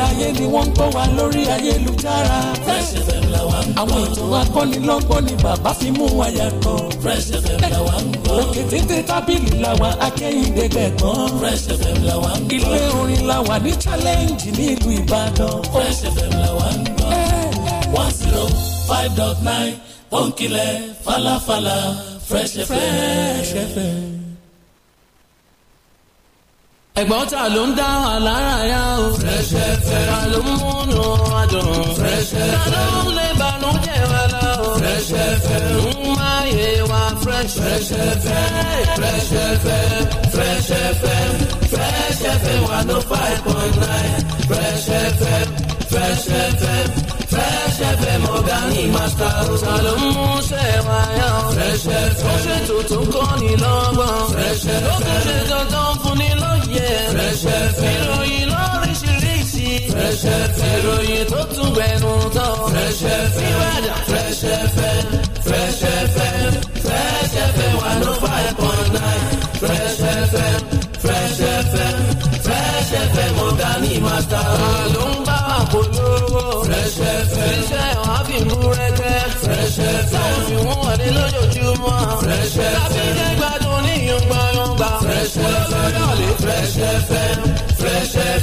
ayé ni wọ́n ń kọ́ wa lórí ayélujára. Fresh FM la wa ń gbọ́. àwọn ètò akọ́nilọ́gbọ́n ni bàbá fi mú wa yàtọ̀. Fresh FM la wa ń gbọ́. òkè tètè tábìlì la wa akẹ́yìndé gbẹ̀gbọ́n. Fresh FM la wa ń gbọ́. ilé orin la wa ní challenge ní ìlú Ìbàdàn. Fresh FM la wa ń gbọ́. one zero five dot nine pọ́ńkìlẹ̀ falafala Fresh FM. Fresh FM ẹ̀gbọ́n ta ló ń dá wa lára yá o. Fresh FM. ta ló ń múnú wa dùn. Fresh ta ló ń lé balùwẹ̀ wa lọ. Fresh FM. Fresh FM, Fresh FM, Fresh FM, Fresh FM 105.9, Fresh FM, Fresh FM, Fresh FM ọ̀gáàní màtà ọ̀sán ló ń mú Fresh FM, Fresh FM, ó kàn ṣe Fresh FM, ìròyìn lóríṣiríṣi. Fresh FM, ìròyìn tó tún Fresh FM, Fresh FM, Fresh FM fresh fm fresh fm fresh fm fresh fm ọ̀gá ní màtá. ló ń bá fresh fm fresh fm fresh fm fresh fm fresh fm fresh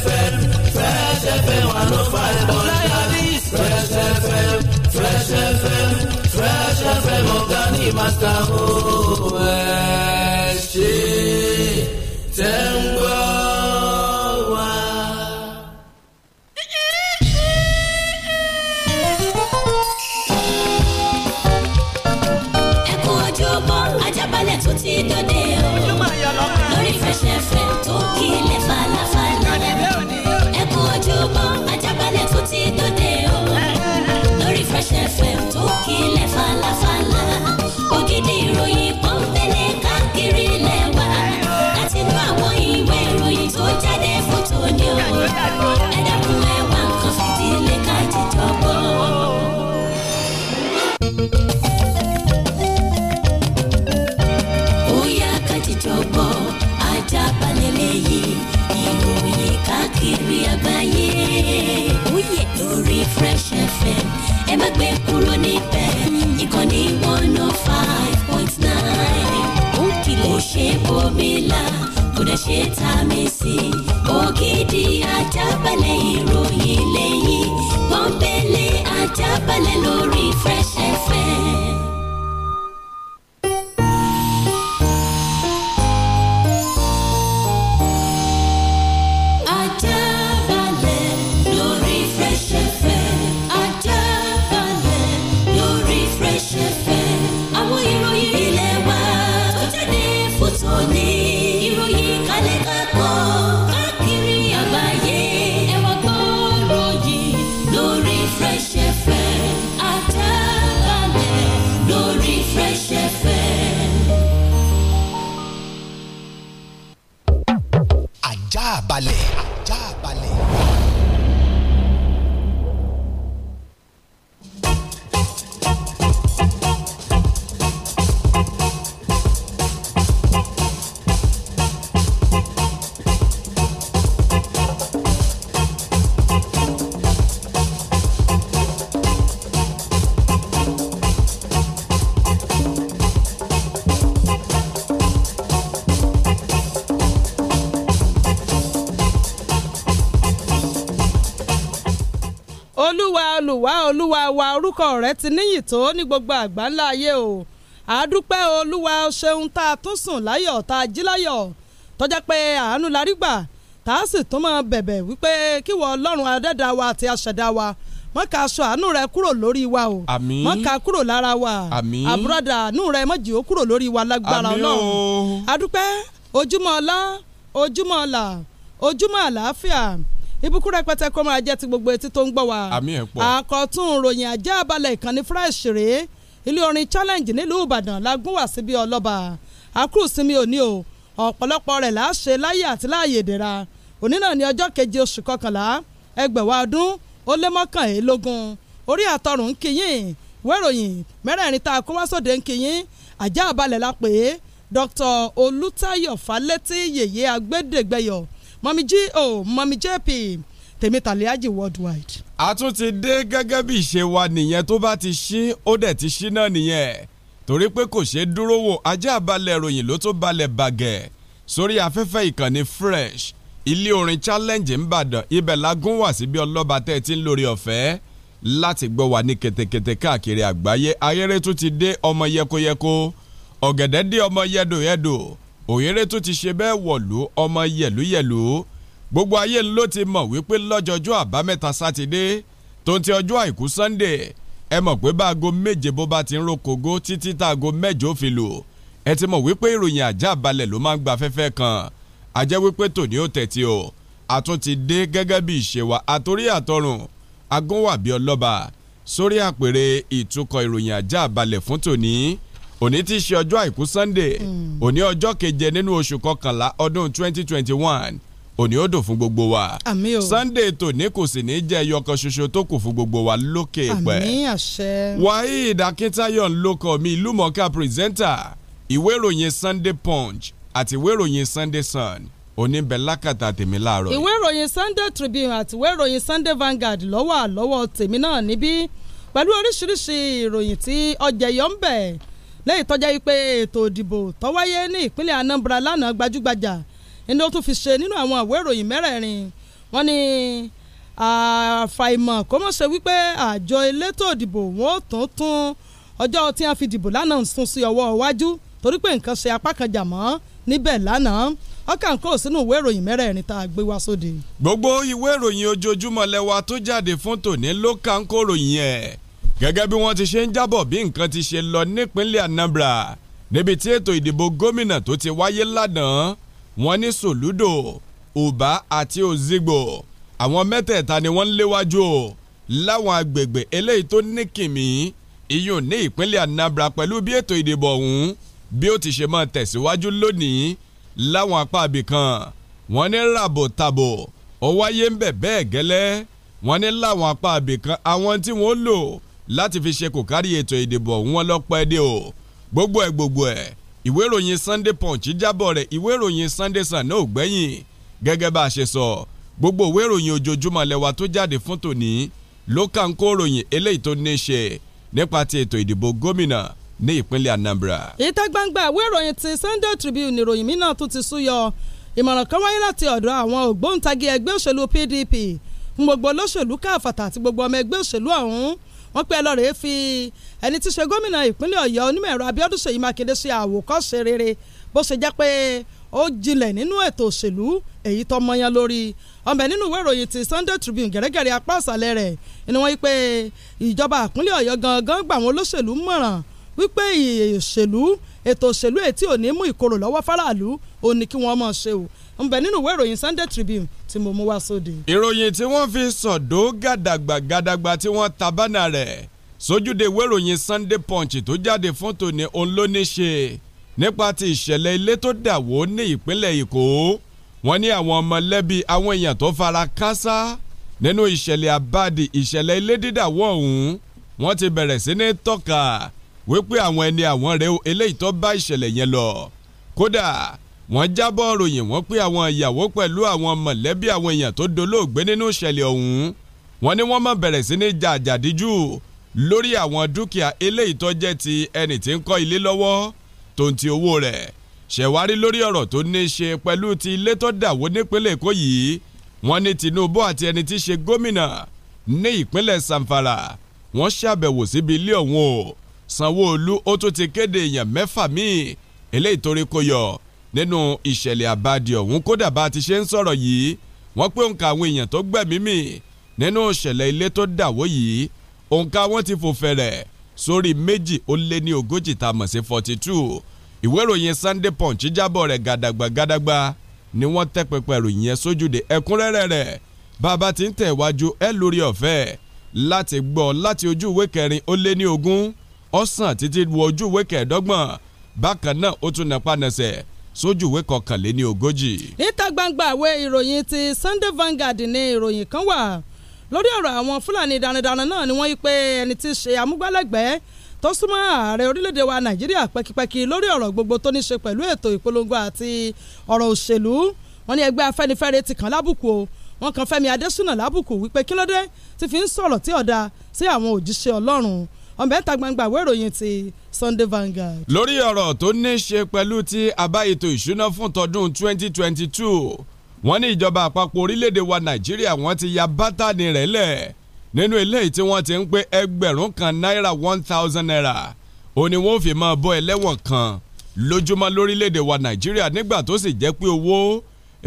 fm fresh fm one oh five point nine fresh fm fresh fm ní màsà ó ẹ ṣe vitamin c ògidì ajábalẹ̀ ìròyìn lẹ́yìn pọ́npẹ́lẹ́ ajábalẹ̀ lórí Fresh FM. wa orúkọ rẹ̀ ti níyì tó ní gbogbo àgbáńlá ayé o àdúpẹ́ olúwa ṣeun tá a tún sùn láyọ̀ tá a jí láyọ̀ tọ́já pé àánú la tá a sì tún máa bẹ̀bẹ̀ wípé kíwọ ọlọ́run adẹ́dá wa àti aṣẹ̀dá wa mọ ká aṣọ àánú rẹ kúrò lórí wa o àmín ká kúrò lára wa àbúrọ̀dà àánú rẹ mọ jì kúrò lórí wa lágbára ọlọ́run àdúpẹ́ ojúmọ́ ọlá ojúmọ́ ọlà ojúmọ́ àlàáfíà ìbùkún rẹpẹtẹ kó máa jẹ́ ti gbogbo etí tó ń gbọ́ wa. àmì ẹ̀ pọ̀. àkọ́tún ìròyìn ajá balẹ̀ ìkànnì fresh rèé ilé orin challenge nílùú ìbàdàn la gún wá síbi ọlọ́ba àkúrùsínmi òní o ọ̀pọ̀lọpọ̀ rẹ̀ là á ṣe láyé àti láàyè ìdẹ̀ra òní náà ní ọjọ́ keje oṣù kọkànlá ẹgbẹ̀wá ọdún ó lé mọ́kànlélógún orí àtọrùn ń kíyìn wẹ́ròyìn mẹ́rẹ̀ẹ̀rin tá a kó wá sóde ń kíyìn ajá balẹ̀ la pè é Dr. Olùtayọ̀ Fálétí yèyé agbẹ́dẹ́gbẹ́yọ̀ mọ̀mí g o oh, mọ̀mí jp tèmítàlẹ́ àjì worldwide. a tún ti dé gẹ́gẹ́ bí ìṣe wa nìyẹn tó bá ti ṣí ó dẹ̀ ti ṣí náà nìyẹn torí pé kò ṣeé dúró wò ajá balẹ̀ ìròyìn ló tó balẹ̀ bàgẹ́ sórí afẹ́fẹ́ ìkànnì fresh ilé orin challenge ńbàdàn ibẹ̀ la gún wá síbi ọlọ́ba tẹ́ ẹ ti ń lórí ọ̀fẹ́ láti gbọ́ wà ní kẹ̀tẹ̀kẹ̀tẹ̀ káàkiri àgbáyé ayẹ́rẹ́ tún ti dé ọmọ yẹkoyẹko ọ̀gẹ̀dẹ̀ dé ọmọ yẹdòyẹdò òyìnbó tún ti ṣe bẹ́ẹ̀ wọ̀lú ọmọ yẹ̀lúyẹ̀lú gbogbo ayé ló ti mọ̀ wípé lọ́jọ́jọ́ àbámẹ́ta sátidé tó ń ti ọjọ́ àìkú sannde ẹ mọ̀ pé báago méje bó bá ti ń rokogo títí táago mẹ́jọ fi lò ẹ ti mọ̀ wípé ìròyìn ajá balẹ̀ ló máa ń gba afẹ́fẹ́ kan àjẹ́ wípé tòní ó tẹ̀tí o àtún ti dé gẹ́gẹ́ bí ìṣèwà àtòrí àtọrùn agúnwàbí ọlọ́ba sórí àpèrè ìtúkọ̀ ìròyìn ajá balẹ̀ fún tòní òní ti ṣe ọjọ́ àìkú Sunday hmm. òní ọjọ́ keje nínú oṣù kọkànlá ọdún 2021 òní ó dùn fún gbogbo wa. àmín Sunday tòní kò sì ní jẹ́ ẹyọ kan ṣoṣo tó kù fún gbogbo wa lókè pẹ́. àmín àṣẹ. Waheed Akintayo mi ìlúmọ̀ọ́ká pírẹsẹ́ńtà ìwé ìròyìn Sunday Punch àti ìwé ìròyìn Sunday Sun oníbẹ̀ lákàtà tèmi láàárọ̀. ìwé ìròyìn Sunday Tribune àti ìwé ìròyìn Sunday Vanguard lọ́wọ́ àlọ́wọ́ tèmi náà níbí pẹ̀lú oríṣiríṣi ìròyìn tí ọjà yọ̀ ń bẹ̀ lẹ́yìn tọ́já yìí pé ètò ìdìbò tó ní ìpínlẹ̀ Anambra lánàá gbajúgbajà ni ó tún fi ṣe nínú àwọn àwé ìròyìn mẹ́rẹ̀ẹ̀rin wọ́n ní àfàìmọ̀ kó mọ̀ ṣe wípé àjọ elétò ìdìbò wọn ò tún tún ọjọ́ tí wọ́n fi dìbò lánàá sún sí ọwọ́ iwájú torí pé nǹkan ṣe apá kan jà mọ́ níbẹ̀ lánàá ọkàn kò sínú ìwé ìròyìn mẹ́rẹ̀ẹ̀rin tá a gbé wá sóde. gbogbo ìwé ìròyìn ojoojúmọ́ lẹwa tó jáde fún tòní ló kà ń kó ròyìn ẹ̀ gẹ́gẹ́ bí wọ́n ti ṣe ń jábọ̀ bí nǹkan ti ṣe lọ nípínlẹ̀ Anambra níbi tí ètò ìdìbò gómìnà tó ti wáyé lánàá wọ́n ní Soludo Uba àti Ozigbo àwọn mẹ́tẹ̀ẹ̀ta ni wọ́n ń léwájú o láwọn agbègbè eléyìí tó ní kìmí iyùn ní ìpínlẹ̀ Anambra pẹ̀lú bí ètò ìdìbò ọ̀hún bí ó ti ṣe máa tẹ̀síwájú lónìí láwọn apá ibìkan wọ́n ní ràbòtàbò ó wáyé ń bẹ̀ bẹ́ẹ̀ gẹ́lẹ́ wọ́n ní láwọn apá ibìkan àwọn tí wọ́n lò láti fi ṣe kò kárí ètò ìdìbò wọn lọ́pẹ́ dé o gbogbo ẹ̀ gbogbo ẹ̀ ìwé ìròyìn Sunday Punch jábọ̀ rẹ̀ ìwé ìròyìn Sunday Sun náà ò gbẹ́yìn gẹ́gẹ́ bá a ṣe sọ gbogbo ìwé ìròyìn ojoojúmọ́ lẹ́wà tó jáde fún tòní ló kà ń kó ìròyìn eléyìí tó ní í ṣe nípa ti ètò ìdìbò gómìnà ní ìpínlẹ̀ Anambra. ìta gbangba ìwé ìròyìn ti Sunday Tribune ìròyìn mi náà tún ti súyọ ìmọ̀ràn kan wáyé láti ọ̀dọ̀ àwọn ògbóǹtagì ẹgbẹ́ òṣèlú PDP gbogbo olóṣèlú káfàtà àti gbogbo ọmọ ẹgbẹ́ òṣèlú ọ̀hún wọ́n pẹ́ lọ́ọ́ rèé fi ẹni tí ṣe gómìnà ìpínlẹ̀ ọ̀yọ́ onímọ̀ ẹ̀rọ abíọ́dún ṣèyí mákindé ṣe àwòkọ́ṣe rere bó ṣe jẹ́ pé ó jinlẹ̀ nínú ètò òṣèlú èyí tó mọyán lórí ọmọ nínú ìwé ìròyìn ti Sunday Tribune gẹ̀rẹ́gẹ̀rẹ́ apá àṣálẹ́ rẹ̀ ni wọ́n yí pé ìjọba ìpínlẹ̀ ọ̀yọ́ gangan gbà wọn olóṣèlú mọ̀ràn wípé òṣèlú ètò òṣèlú ètí ò ní mú ìkorò lọ́wọ́ faraàlú ò ní kí wọ́n mọ̀ ṣe o ń bẹ nínú ìwé ìròyìn Sunday Tribune tí mo mú wá sóde. ìròyìn tí wọ́n fi sọ̀dọ̀ gàdàgbà gàdàgbà tí wọ́n tabánà rẹ̀ sójúde ìwé ìròyìn Sunday Punch tó jáde fún tòní òun ló ní ṣe nípa ti ìṣẹ̀lẹ̀ ilé tó dà wó ní ìpínlẹ̀ Èkó wọ́n ní àwọn ọmọlẹ́bí àwọn èèyàn tó fara káásá nínú ìṣẹ̀lẹ̀ àbáàdì ìṣẹ̀lẹ̀ ilé dídà wó ọ̀hún wọ́n ti bẹ̀rẹ̀ sí ní tọ́ka wípé àwọn ẹni àwọn rẹ̀ eléyìí tó bá ìṣẹ̀lẹ̀ yẹn lọ kódà wọ́n jábọ̀ ròyìn wọ́n pé àwọn ìyàwó pẹ̀lú àwọn mọ̀lẹ́bí àwọn èèyàn tó dolóògbé nínú ìṣẹ̀lẹ̀ ọ̀hún wọ́n ní wọ́n máa bẹ̀rẹ̀ sí ní jà àjàdíjú lórí àwọn dúkìá eléyìí tó jẹ́ ti ẹni tí ń kọ́ ilé lọ́wọ́ tó ń ti owó rẹ̀ ṣẹ̀wárí lórí ọ̀rọ̀ tó ní í ṣe pẹ̀lú ti ilé tó dàwó nípínlẹ̀ Èkó yìí wọ́n ní Tinubu àti ẹni tí í ṣe gómìnà ní ìpínlẹ̀ Samfara wọ́n ṣàbẹ̀wò síbi ilé ọ̀hún o Sanwó-Olú ó tún ti kéde èèyàn mẹ́fà míì eléyìí torí kó yọ nínú ìṣẹ̀lẹ̀ àbádì ọ̀hún kódà bá a ti ṣe ń sọ̀rọ̀ yìí wọ́n pé òǹkà àwọn èèyàn tó gbẹ̀mí mì nínú ìṣẹ̀lẹ̀ ilé tó dàwó yìí òǹkà wọn ti fò fẹ̀rẹ̀ sórí méjì ó lé ní ogójì tá a mọ̀ sí forty two ìwé ìròyìn Sunday Punch jábọ̀ rẹ̀ gàdàgbà gàdàgbà ni wọ́n tẹ́ pẹpẹ ìròyìn yẹn sójúde ẹ̀kúnrẹ́rẹ́ rẹ̀ bàbá ti ń tẹ̀wájú ẹ lórí ọ̀fẹ́ láti gbọ́ láti ojú ìwé kẹrin ó lé ní ogún ọ̀sán títí wọ ojú ìwé kẹẹ̀dọ́gbọ̀n bákan náà ó tún nàpa nàṣẹ̀ sójú ìwé kọkànléní ogójì. níta gbangba àwẹ ìròyìn ti Sunday Vanguard ní ìròyìn kan wà lórí ọ̀rọ̀ àwọn Fúlàní darandaran náà ni wọ́n yí pé ẹni tí í ṣe amúgbálẹ́gbẹ̀ẹ́ tó súnmọ́ ààrẹ orílẹ̀-èdè wa Nàìjíríà pẹ́kipẹ́ki lórí ọ̀rọ̀ gbogbo tó ní ṣe pẹ̀lú ètò ìpolongo àti ọ̀rọ̀ òṣèlú wọn ní ẹgbẹ́ Afẹ́nifẹ́re ti kàn lábùkù o wọn kàn Fẹ́mi Adésínà lábùkù wípé kílódé ti fi ń sọ̀rọ̀ tí ọ̀dà sí àwọn òjíṣẹ́ Ọlọ́run ọ̀mẹ́ta gbangba ìwé ìròyìn ti Sunday Vanguard. lórí ọ̀rọ̀ tó ní ṣe pẹ̀lú ti àbá ètò ìṣúná fún tọdún 2022 wọ́n ní ìjọba àpapọ̀ orílẹ̀-èdè wa Nàìjíríà wọ́n ti ya bátànì rẹ̀ lẹ̀ nínú eléyìí tí wọ́n ti ń pé ẹgbẹ̀rún kan náírà one thousand naira ó ní wọ́n fi máa bọ́ ẹlẹ́wọ̀n kan lójúmọ́ lórílẹ̀‐èdè wa nàìjíríà nígbà tó sì jẹ́ pé owó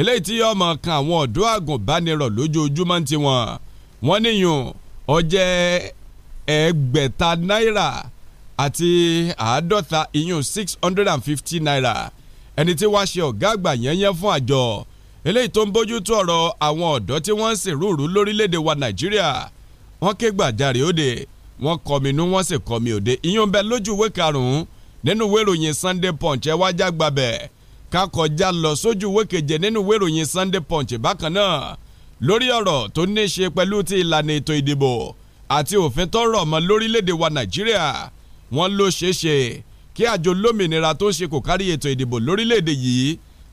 eléyìí tí yóò máa kan àwọn ọ̀dọ́ àgùnbánirọ̀ lójoojúmọ́ ń tiwọn wọ́n níyùn ó ẹgbẹ̀ta náírà àti àádọ́ta ìyún six hundred and fifty naira ẹni tí wàá ṣe ọ̀gá àgbà yẹnyẹn fún àjọ eléyìí tó ń bójú tó ọ̀rọ̀ àwọn ọ̀dọ́ tí wọ́n ń sìnrúurú lórílẹ̀‐èdè wa nàìjíríà wọ́n ké gbàjarè òde wọ́n kọminú wọ́n sì kọmi òde ìyún bẹ́ẹ̀ lójú ìwé karùn-ún nínú ìwé ìròyìn Sunday Punch ẹ wájà gbàbẹ̀ kakọjá lọ sójú ìwé keje nínú ìwé ìròyìn Sunday Punch bákan náà lórí ọ̀rọ̀ tó ní í ṣe pẹ̀lú ti ìlànà ètò ìdìbò àti òfin tó rọ̀ mọ́ lórílẹ̀‐èdè wa nàìjíríà wọ́n ló ṣeéṣe kí àjọ lómìnira tó ń ṣe kò kárí ètò ìdìbò lórílẹ̀‐èdè yìí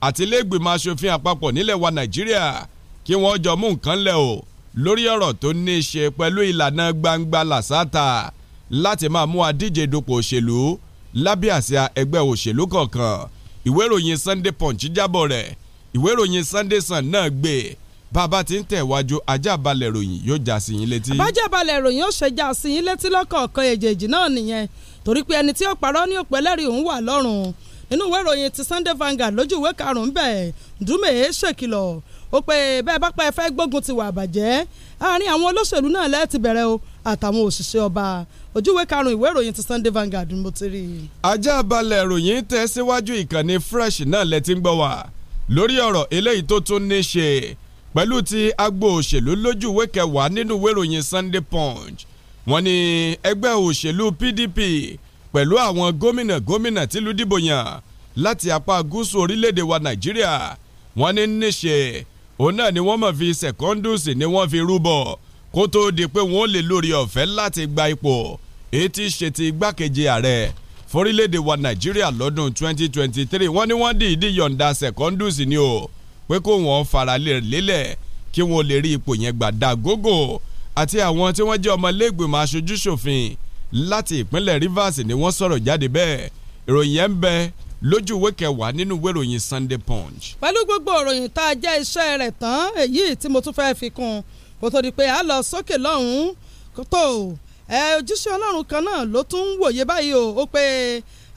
àti iléègbìmọ̀ aṣòfin àpapọ̀ nílẹ̀ wa nàìjíríà kí wọ́n jọ mú nǹkan lẹ̀ o lórí ọ̀rọ̀ tó ní í ṣe pẹ̀lú ìlànà gbangba làṣàtà láti máa mú adíje dupò òṣèlú lábẹ́ àsíá ẹgbẹ́ òṣèlú kọ̀ọ̀kan ìwé Sunday Punch jábọ̀ rẹ̀ ìwé Sunday Sun náà gbé bàbá tí ń tẹ̀wájú ajábalẹ̀ ròyìn yóò já sí yín létí. àbájábalẹ̀ ròyìn ó ṣe sí yín létí lọ́kọ̀ọ̀kan èjèèjì náà nìyẹn torí pé ẹni tí ó parọ́ ní òpẹ́lẹ́rì òun wà lọ́rùn inú ìwé ìròyìn ti Sunday Vanguard lójú ìwé karùn-ún bẹ́ẹ̀ dùmẹ̀ ṣèkìlọ̀ ó pé bẹ́ẹ̀ bá pa ẹ fẹ́ gbógun ti wà bàjẹ́ àárín àwọn olóṣèlú náà lẹ́ẹ̀ ti bẹ̀rẹ̀ o àtàwọn òṣìṣẹ́ ọba ojúwe karùn ìwé ìròyìn ti Sunday Vanguard mo ti rí i. ajá balẹ̀ ìròyìn tẹ̀ síwájú ìkànnì fresh náà lẹ ti ń gbọ́ wá lórí ọ̀rọ̀ eléyìí tó tún ní ṣe pẹ̀lú ti agbo òṣèlú lójú ìwé kẹwàá nínú ìwé ìròyìn Sunday Punch wọ́n ní ẹgbẹ́ òṣèlú PDP pẹ̀lú àwọn gómìnà gómìnà tìlú dìbò yàn láti apá gúúsù orílẹ̀-èdè wa Nàìjíríà wọ́n ní níṣe òun náà ni wọ́n mọ̀ fi sẹ̀kọ́ndùsì ni wọ́n fi rúbọ kó tó di pé wọ́n lè lórí ọ̀fẹ́ láti gba ipò ètí ṣe ti igbákejì ààrẹ forílẹ̀-èdè wa Nàìjíríà lọ́dún 2023 wọ́n ní wọ́n dìídì yọ̀ǹda sẹ̀kọ́ndùsì ni o pé kó wọn fara lélẹ̀ kí wọn lè rí ipò yẹn gbà dá gógó àti àwọn tí wọ́n jẹ́ ọmọlẹ́gbẹ̀mọ̀ aṣojúṣòfin láti ìpínlẹ̀ Rivers ni wọ́n sọ̀rọ̀ jáde bẹ́ẹ̀ ìròyìn yẹn ń bẹ lójú ìwé kẹwàá nínú ìwé ìròyìn Sunday Punch. pẹ̀lú gbogbo ìròyìn tá a jẹ́ iṣẹ́ rẹ̀ tán èyí tí mo tún fẹ́ẹ́ fi kún un kò tó di pé a lọ sókè lọ́hùn-ún tó ẹ ojúṣe ọlọ́run kan náà ló tún ń wòye báyìí o ó pé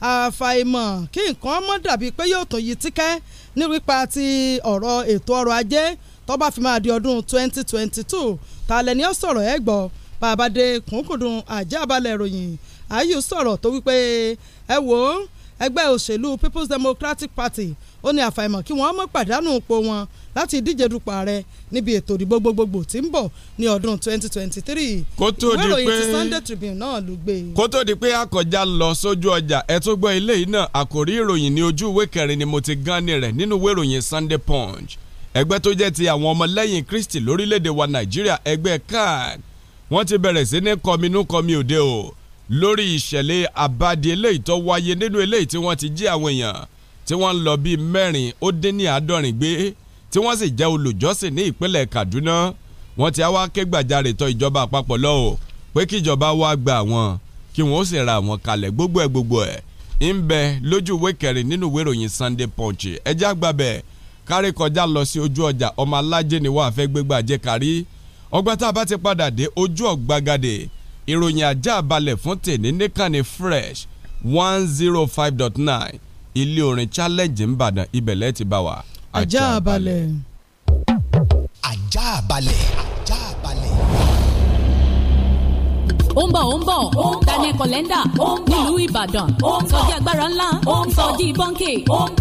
àfàìmọ̀ kí nǹkan mọ́ dàbí pé yóò tó yí tíkẹ́ ní wípa ti ọ̀rọ̀ ètò ọrọ̀ ajé tó bá fi máa di ọdún 2022 tààlẹ̀ ni ó sọ̀rọ̀ ẹ̀ gbọ́ bàbá de kùnkùndùn àjẹ́ àbálẹ̀ ìròyìn ayù sọ̀rọ̀ tó wípé ẹ wò ó ẹgbẹ́ òṣèlú People's Democratic Party ó ní àfàìmọ̀ kí wọ́n mọ́ pàdánù ipò wọn láti díje dupò ààrẹ níbi ètò ìdìbò gbogbogbò tí ń bọ̀ ní ọdún 2023. kó tó di pé ìwé ìròyìn ti Sunday Tribune náà ló gbé. E. kó tó di pé akọjá lọ sójú ọjà ẹ tó gbọ́ ilé yìí náà àkòrí ìròyìn ní ojú ìwé kẹrin ni mo ti gán ni rẹ̀ nínú ìwé ìròyìn Sunday Punch ẹgbẹ́ tó jẹ́ ti àwọn ọmọlẹ́yìn Kristi lórílẹ̀‐èdè wa Nàìjíríà ẹgbẹ́ CAC wọ́n ti bẹ̀rẹ̀ sí ní kọminú kọmi òde o lórí ìṣẹ̀lẹ̀ àbádì eléyìí tó wáyé nínú eléyìí tí wọ́n ti jí àwọn èèyàn tí wọ́n ń lọ bíi mẹ́rin ó dín ní àádọ́rin gbé tí wọ́n sì jẹ́ olùjọ́sìn ní ìpínlẹ̀ Kaduna wọ́n ti wá ké gbàjarè tọ̀ ìjọba àpapọ̀ lọ́wọ́ pé kí ìjọba wá gba àwọn kí wọ́n ó sì ra àwọn kalẹ̀ gbogbo ẹ̀ gbogbo ẹ̀ ń bẹ lójú ìwé kẹrin nínú ìwé ìròyìn Sunday Punch ẹjẹ́ àgbàbẹ̀ kárí kọjá lọ sí ojú ọjà ọmọ alájẹ ni wàá fẹ́ gbégbá jẹ́ kárí ọgbà tá a bá ti padà dé ojú ọ̀gbagadè ìròyìn ajá balẹ̀ fún tèmi níkànnì fresh one zero five dot nine ilé orin challenge ńbàdàn ibẹ̀lẹ̀ ti bá wa. ajá balẹ̀. ajá balẹ̀. ajá balẹ̀ ó ń bọ̀ ó ń bọ̀ daniel kọlẹ́ndà nílùú ìbàdàn sọjí agbára ńlá sọjí bọ́ńkè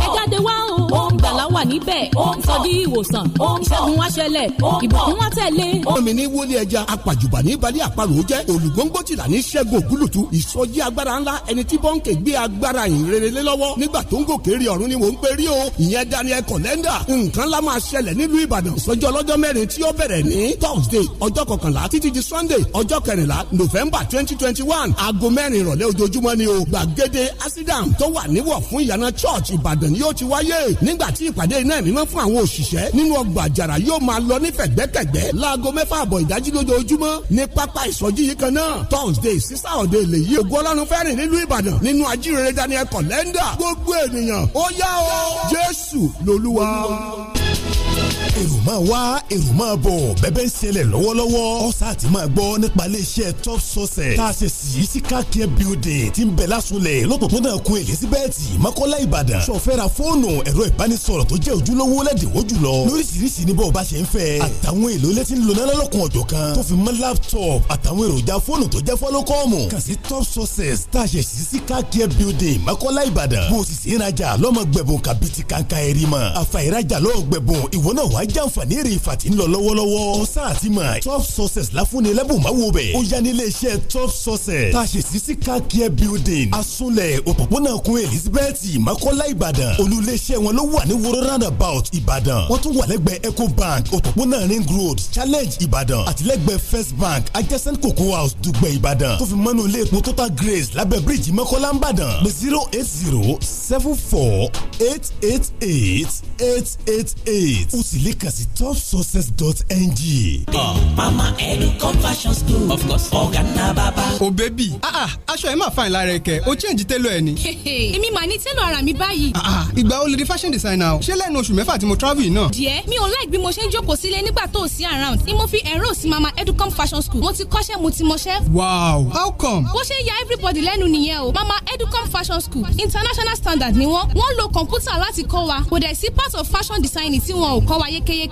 ẹ jáde wá o gbàlá wà níbẹ̀ sọjí ìwòsàn ìṣẹ́gun wá ṣẹlẹ̀ ìbùkún wá tẹ̀lé. omi ní wọlé ẹja apàjùbà ní balẹ̀ àparò jẹ́ olùgbòǹgbò tìlà ní ṣẹ́gun ògúlùtù ìsọjí agbára ńlá ẹni tí bọ́ńkè gbé agbára ìrere lọ́wọ́ nígbà tó ń gòkè rí ni mò ń pè rí o ìyẹn daniel kọlẹ́ndà nǹkan lá november november twenty twenty one aago mẹ́rin ìrọ̀lẹ́ ojoojúmọ́ ni o gbàgede asidam tó wà níwọ̀ fún ìyànà church ìbàdàn yóò ti wáyé nígbà tí ìpàdé iná ẹ̀mí mọ́ fún àwọn òṣìṣẹ́ nínú ọgbà àjàrà yóò máa lọ ní fẹ̀gbẹ́kẹ̀gbẹ́ láago mẹ́fà àbọ̀ ìdájí lójoojúmọ́ ní pápá ìsọjí yìí kan náà thursday sísá ọ̀dẹ èlé yìí ògo ọlọ́run fẹ́rìn nílùú ìbàdàn nínú máa wá èrò máa bọ̀ bẹ́bẹ́ ń ṣẹlẹ̀ lọ́wọ́lọ́wọ́ ọ̀sà àti máa gbọ́ nípa iléeṣẹ́ top sources tá a ṣe sí síkàkẹ́ building ti ń bẹ̀ lásùnlẹ̀ lọ́pọ̀pọ̀nà kun elizabeth mọ́kọ́lá ìbàdàn sọ̀fẹ́ra fóònù ẹ̀rọ ìbánisọ̀rọ̀ tó jẹ́ ojúlówó lẹ́dínwó jùlọ lóríṣiríṣi ní bọ́ọ̀ bá ṣe ń fẹ́ àtàwọn èlò ilé tí ń lo náírà lọ́kùn ọ̀jọ̀ kan tó laptop àtàwọn èròjà fóònù tó jẹ́ fọ́lọ́kọ́ọ̀mù top sources tá a ṣe sí building mọ́kọ́lá ìbàdàn bó o sì sí ìrajà lọ́mọ gbẹ̀bùn kàbìtì kàǹkà ẹ̀rì mọ́ àfàìrajà lọ́ọ̀ gbẹ̀bùn láǹfààní èrè ìfàtí ń lọ lọ́wọ́lọ́wọ́ ọ̀sán àti mà top success láfúnni lẹ́bùnmáwo bẹ̀ ó yá nílé iṣẹ́ top success tá a ṣe sí sí car care building asunlẹ̀ òpópónà kun elizabeth makola ìbàdàn olùléṣẹ́ wọn ló wà ní woro roundabout ìbàdàn wọ́n tún wà lẹ́gbẹ̀ẹ́ ecobank òpópónà ring road challenge ìbàdàn àtìlẹ́gbẹ̀ẹ́ first bank adjacent cocoa house dùgbẹ̀ ìbàdàn tó fi mọ́nú ilé epo total grace lábẹ́ bíríìjì mọ́kọ́lá ń bàdàn pé zero eight zero seven four eight eight eight eight eight eight ó sì àti topsuccess.ng. ọ mama educom fashion school of course ọ̀gá ná bàbá. o oh, bẹ́bí ah, ah, aṣọ ẹ̀ máa fa ìlara ẹ̀kẹ́ o change tailor ẹ̀ ni. èmi màá ní tailor ara mi báyìí. Ah, ìgbà wo lè di fashion designer o ṣé lẹ́nu oṣù mẹ́fà tí mo travel yìí náà. díẹ̀ mi ò like bí mo ṣe ń jókòó sílé nígbà tó o sí around ni mo fi ẹ̀rọ sí mama educom fashion school mo ti kọ́ṣẹ́ mo ti mọṣẹ́. wow how come. bó ṣe ya everybody lẹ́nu nìyẹn o mama educom fashion school international standard ni wọ́n wọ́n lo kọ̀ǹpútà láti kọ́ wa kò dẹ̀ sí part of fashion design tí wọn ò kọ́ wa yékéyéké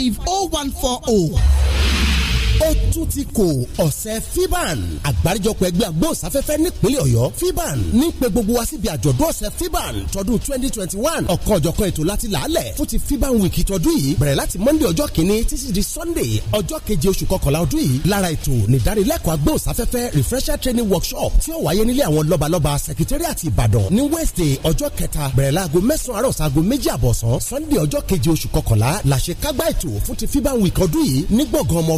01405 0140. ó tún ti kò ọ̀sẹ̀ fiban àgbáríjọpọ̀ ẹgbẹ́ agbóhùnsáfẹ́fẹ́ nípínlẹ̀ ọ̀yọ́ fiban ní pé gbogbo wa síbi àjọ̀dún ọ̀sẹ̀ fiban tọdún twenty twenty one ọ̀kan ọ̀jọ̀kan ètò láti làálẹ̀ fún ti fiban week tọdún yìí bẹ̀rẹ̀ láti monday ọjọ́ kìíní títí di sunday ọjọ́ keje oṣù kọkànlá ọdún yìí lára ètò nìdánilẹ́kọ̀ọ́ agbóhùnsáfẹ́fẹ́ refresher training workshop tí ó wáyé nílé àwọn lọ́balọ́ba secretariat ìbàdàn ní wednesday ọjọ́ kẹta bẹ̀rẹ̀ láago mẹ́sàn-án àárọ̀ sunday ọjọ́ keje oṣù kọkànlá làṣekágbá ètò fún ti fiban wiki ọdún yìí ní gbọ̀ngàn ọmọ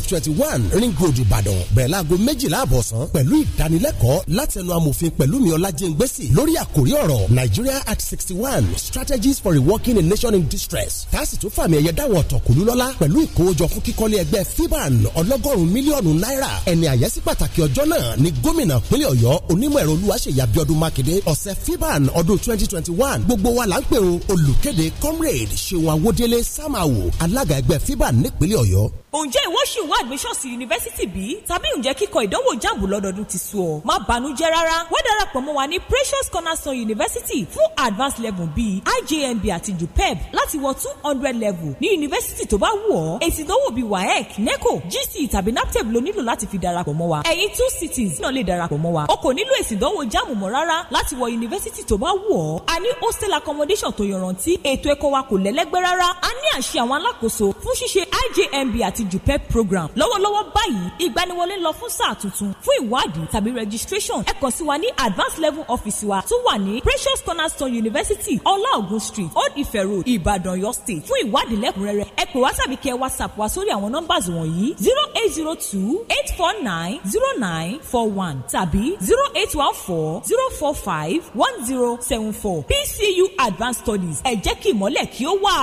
one ring road ìbàdàn bẹ̀rẹ̀ láago méjìlá àbọ̀sán pẹ̀lú ìdánilẹ́kọ̀ọ́ látẹnu amòfin pẹ̀lúmi ọlájẹ́ngbèsì lórí àkòrí ọ̀rọ̀ Nigeria at sixty one strategies for reworking a nation in distress tààsì tó fàmì ẹ̀yẹ dáwọ̀ ọ̀tọ̀kùlú lọ́lá pẹ̀lú ìkówójọ fún kíkọ́lé ẹgbẹ́ fiban ọlọ́gọ́rùn-ún mílíọ̀nù náírà ẹni àyẹ́sí pàtàkì ọjọ́ náà ni gómìnà pínlẹ̀ ọ̀yọ́ onímọ̀ ẹ̀rọ olúwaṣèyí abíọ́dún mákindé ọ̀sẹ̀ fiban ọdún twenty twenty one gbogbo wa là ń pè o olùkéde comrade ṣèwọ̀n awódélé sámàwò alága ẹgbẹ́ fiban nípínlẹ̀ ọ̀yọ́ ǹjẹ́ ìwọ ṣì ń wá admission sí yunifásítì bí? tàbí ǹjẹ́ kíkọ ìdánwò jáàmù lọ́dọọdún ti sú ọ? má banújẹ́ rárá wá darapọ̀ mọ́ wa ní Precious Cornerstone University fún advanced level bíi IJMB àti JUPEB láti wọ two hundred level ní yunifásítì tó bá wù ọ́ èsì ìdánwò bíi WAEC NECO GC e tàbí NAPTEP e ló nílò láti fi darapọ̀ mọ́ wa ẹ̀yin two cities náà lè darapọ̀ mọ́ wa o kò nílò èsì ìdánwò jáàmù mọ́ rárá láti wọ yunifásítì tó bá wù ọ́ a ní hostel accommodation tó yọrantí ètò ẹ̀kọ́ wa kò lẹ́lẹ́gbẹ́ rárá a ní àṣẹ àwọn alákòóso fún ṣíṣe IJMB àti àti jupep program lọ́wọ́lọ́wọ́ báyìí ìgbaniwọlé lọ fún sáà tuntun fún ìwádìí tàbí registration ẹ kàn sí wa ní advanced level office wa tó wà ní precious cornerstone university ọláògùn street old ife road ìbàdàn yọ state fún ìwádìí lẹ́kùnrẹ́rẹ́ ẹ pè wá tàbí kẹ whatsapp wa sórí àwọn nọ́mbàs wọ̀nyí zero eight zero two eight four nine zero nine four one tàbí zero eight one four zero four five one zero seven four pcu advanced studies ẹ jẹ́ kí ìmọ̀lẹ̀ kí ó wà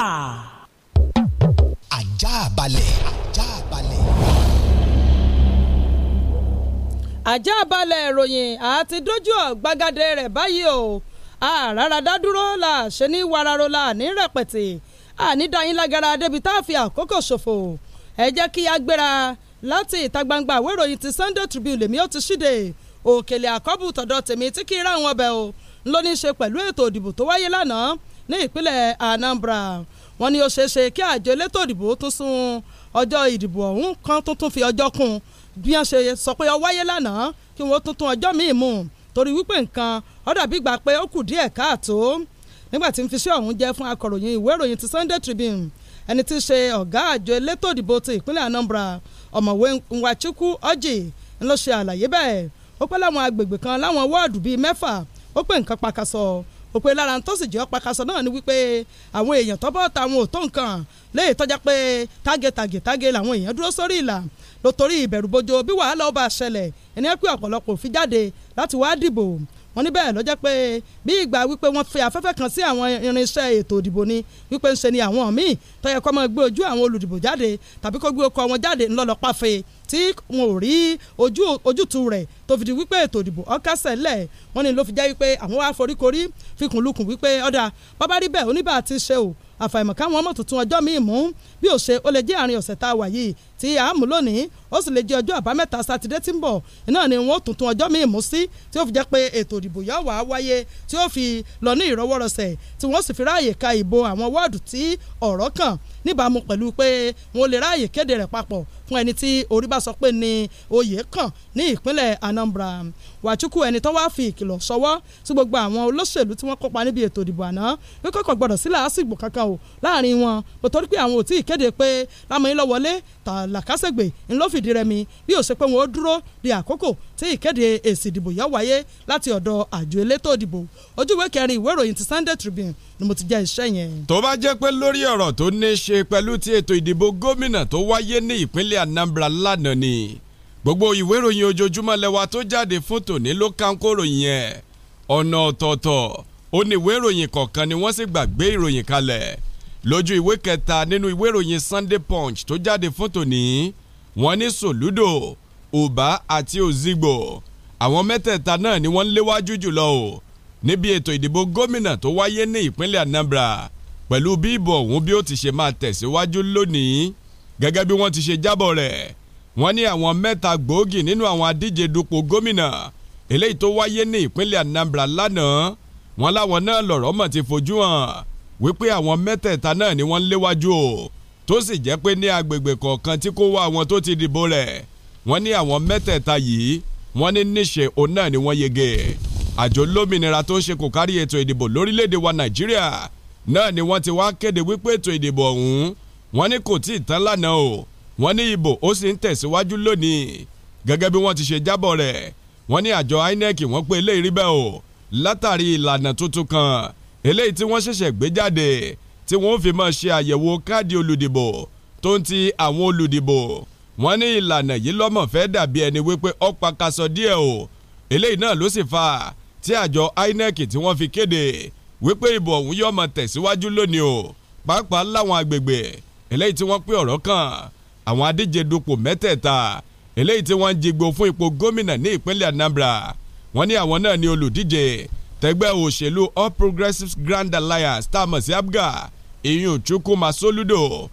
àjàbalẹ̀. àjàbalẹ̀. àjàbalẹ̀ ìròyìn àti dójú ọ̀gbagadé rẹ̀ báyìí o àràràdá dúró la ṣe ní wararo là ní rẹpẹtì ànídàáyín lágara débi tá a fi àkókò ṣòfò ẹ jẹ́ kí a gbéra láti ìta gbangba àwọn ìròyìn ti Sunday Tribune lèmi ó ti ṣíde òkèlè àkọ́bù tọ̀dọ̀ tèmi tí kì í ráwọn ọbẹ̀ o ló ní í ṣe pẹ̀lú ètò òdìbò tó wáyé lánàá ní ìpínlẹ̀ Anambra wọ́n ní ó ṣeé ṣe kí àjọ elétò ìdìbò tún sún ọjọ́ ìdìbò ọ̀hún kan tuntun fi ọjọ́ kún bí wọ́n ṣe sọ pé ó wáyé lánàá kí wọ́n tuntun ọjọ́ míì mú torí wípé nǹkan ó dàbí gbà pé ó kù díẹ̀ káàtó nígbà tí n fi sí ọ̀hún jẹ́ fún akọ̀ròyìn ìwé ìròyìn ti Sunday Tribune ẹni tí í ṣe ọ̀gá àjọ elétò ìdìbò ti ìpínlẹ̀ Anambra ọ̀mọ̀wé Nwachukwu Ọjì ńlọ ṣe àlàyé bẹ́ẹ̀ ó pẹ́ láwọn agbègbè kan láwọn wọ́ọ̀dù bíi mẹ́fà ó pè nǹkan pakasọ òpè lára tó sì jẹ́ ọ̀pákasọ náà ni wípé àwọn èèyàn tó bọ́ ta àwọn òtó nǹkan léyìí tọ́já pé táge táge táge làwọn èèyàn dúró sórí ìlà lótorí ìbẹ̀rù bojo bí wàhálà ọba ṣẹlẹ̀ ẹni ẹ pé ọ̀pọ̀lọpọ̀ fi jáde láti wá dìbò wọ́n ní bẹ́ẹ̀ ló jẹ́ pé bí ìgbà wípé wọ́n fi afẹ́fẹ́ kan sí àwọn irinṣẹ́ ètò ìdìbò ni wípé ń ṣe ni àwọn míì tó yẹ kó máa gbé ojú àwọn olùdìbò jáde tàbí kó gbé ọkọ̀ wọn jáde ńlọ́lọ́pàá fe tí wọn ò rí ojútùú rẹ̀ tó fi di wípé ètò ìdìbò ọ̀kásẹ̀ lẹ̀ wọ́n ní ló fi jẹ́ wípé àwọn wá foríkorí fikùnlukùn wípé ọ̀dà bàbá rí bẹ́ẹ̀ oníbà ti ṣe o àfàìmọ̀ káwọn ọmọ tuntun ọjọ́ míì mú bí ó ṣe ó lè jẹ́ àárín ọ̀sẹ̀ tá a wà yìí tí a mú lónìí ó sì lè jẹ́ ọjọ́ àbámẹ́ta sátidé tí ń bọ̀ náà ni wọ́n tuntun ọjọ́ míì mú sí tí ó fi jẹ́ pé ètò ìdìbò yà wá wáyé tí ó fi lọ ní ìrọwọ́rọsẹ̀ tí wọ́n sì fi ráàyè ka ìbò àwọn wọ́ọ̀dù tí ọ̀rọ̀ kàn níbàámu pẹ̀lú pé wọ́n lè ráàyè kéde rẹ̀ papọ̀ fún ẹni tí orí bá sọ pé ni oyè kàn ní ìpínlẹ̀ Anambra Wàchukwu ẹni tó wá fi ìkìlọ̀ ṣọwọ́ sí gbogbo àwọn olóṣèlú tí wọ́n kópa níbi ètò ìdìbò àná pé kọ́kọ́ gbọ́dọ̀ sí làásìgbò kankan o láàrin wọn kò torí pé àwọn ò tí ì kéde pé lámọ̀yìn lọ wọlé tàlàkàṣègbè ńlọ́fì fìdí rẹmi bí ó ṣe pé wọn ó dúró di àkókò tí ìkéde èsì ìdìbò yá wáyé láti ọ̀dọ̀ àjọ elétò ìdìbò ojúwé kẹrin ìwé ìròyìn ti Sunday Tribune ni mo ti jẹ́ iṣẹ́ yẹn. tó bá jẹ́ pé lórí ọ̀rọ̀ tó ní í ṣe pẹ̀lú ti ètò ìdìbò gómìnà tó wáyé ní ìpínlẹ̀ Anambra lánàá ni gbogbo ìwé ìròyìn ojoojúmọ́ lẹ́wà tó jáde fún tòní ló kánkó ròyìn ẹ̀ ọ̀nà ọ̀tọ̀ọ̀tọ̀ ó ní ìwé ìròyìn kọ̀ọ̀kan ni wọ́n sì gbàgbé ìròyìn kalẹ̀ lójú ìwé kẹta nínú ìwé ìròyìn Sunday Punch tó jáde fún tòní wọ́n ní Soludo Uba àti Ozigbo àwọn mẹ́tẹ̀ẹ̀ta náà ni wọ́n ń léwájú jùlọ o níbi ètò ìdìbò gómìnà tó wáyé ní ìpínlẹ̀ Anambra pẹ̀lú bí ìbò ọ̀hún bí ó ti ṣe máa tẹ̀síwájú lónìí gẹ́gẹ́ bí wọ́n ti ṣe jábọ̀ rẹ̀ wọ́n ní àwọn mẹ́ta gbòógì nínú àwọn adíje dupò gómìnà eléyìí tó wáyé ní ìpínlẹ̀ Anambra lánàá wọ́n láwọn náà lọ̀rọ̀ mọ̀ ti fojú hàn wípé àwọn mẹ́tẹ̀ẹ̀ta náà ni wọ́n ń léwájú o tó sì jẹ́ pé ní agbègbè kọ̀ọ̀kan tí kó wá àwọn tó ti dìbò rẹ̀ wọ́n ní àwọn mẹ́tẹ̀ẹ̀ta yìí wọ́n ní níṣe òun náà ni wọ́n yege àjọ lómìnira tó ń ṣe kò kárí ètò ìdìbò lórílẹ̀‐èdè wa nàìjíríà náà ni wọ́n ti wá kéde wípé ètò ìdìbò ọ̀hún wọ́n ní kò tí ì tán lánàá o wọ́n ní ìbò ó sì ń tẹ̀síwájú lónìí gẹ́gẹ́ bí wọ́n ti ṣe jábọ̀ rẹ̀ wọ́n ní àjọ INEC wọ́n pé eléyìí rí bẹ́ẹ̀ o látàrí ìlànà tuntun kan eléyìí tí wọ́n ṣẹ̀ṣẹ̀ gbé jáde tí wọ́n fi máa ṣe àyẹ̀wò káàdì olùdìbò tó ń ti àwọn olùdìbò wọ́n ní ìlànà yìí lọ́mọ̀ fẹ́ dàbí ẹni wípé ọ̀pá kaṣọ díẹ̀ o eléyìí náà ló sì fa tí àjọ INEC tí wọ́n fi kéde wípé ìbò ọ̀hún yóò máa tẹ̀síwájú lónìí o pàápàá láwọn agbègbè eléyìí tí wọ́n pín ọ̀rọ̀ kan àwọn adíje dupò mẹ́tẹ̀ẹ̀ta eléyìí tí wọ́n ń jigbó fún ipò gómìnà ní ìpínlẹ̀ Anambra wọ́n ní àwọn náà ní olùdíje tẹgbẹ́ òṣèlú All Progressives Grand Alliance tá a mọ̀ sí APGA iyun chukwuma soludo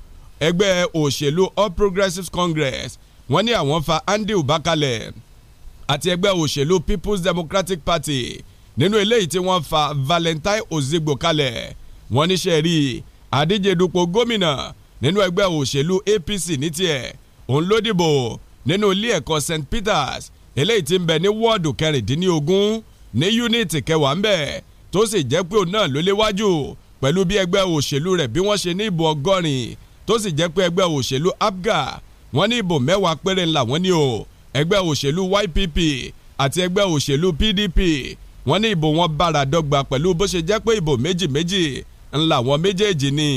ẹgbẹ́ òṣèlú All Progressives Congress wọ́n ní àwọn fa Andy Ubakalẹ̀ àti ẹgbẹ́ òṣèlú People's Democratic Party nínú eléyìí tí wọ́n fa Valentine Ozigbo kalẹ̀ wọ́n níṣẹ́ rí àdíje dupò gómìnà nínú ẹgbẹ́ òṣèlú APC ní tiẹ̀ òun ló dìbò nínú ilé ẹ̀kọ́ St Peters eléyìí tí ń bẹ ní wọ́ọ̀dù kẹrìndínlógún ní yúnítì kẹwàá ń bẹ tó sì jẹ́ pé òun náà ló léwájú pẹ̀lú bí ẹgbẹ́ òṣèlú rẹ̀ bí wọ́n ṣe ní ìbò ọgọ́rin tó sì jẹ́ pé ẹgbẹ́ òṣèlú APGA wọ́n ní ìbò mẹ́wàá péré ńlá wọ́n ní o ẹgbẹ́ òṣèlú YPP àti ẹgbẹ́ òṣèlú PDP wọ́n ní ìbò wọn bára dọ́gba pẹ̀lú bó ṣe jẹ́ pé ìbò méjì méjì ńlá wọn méjèèjì ni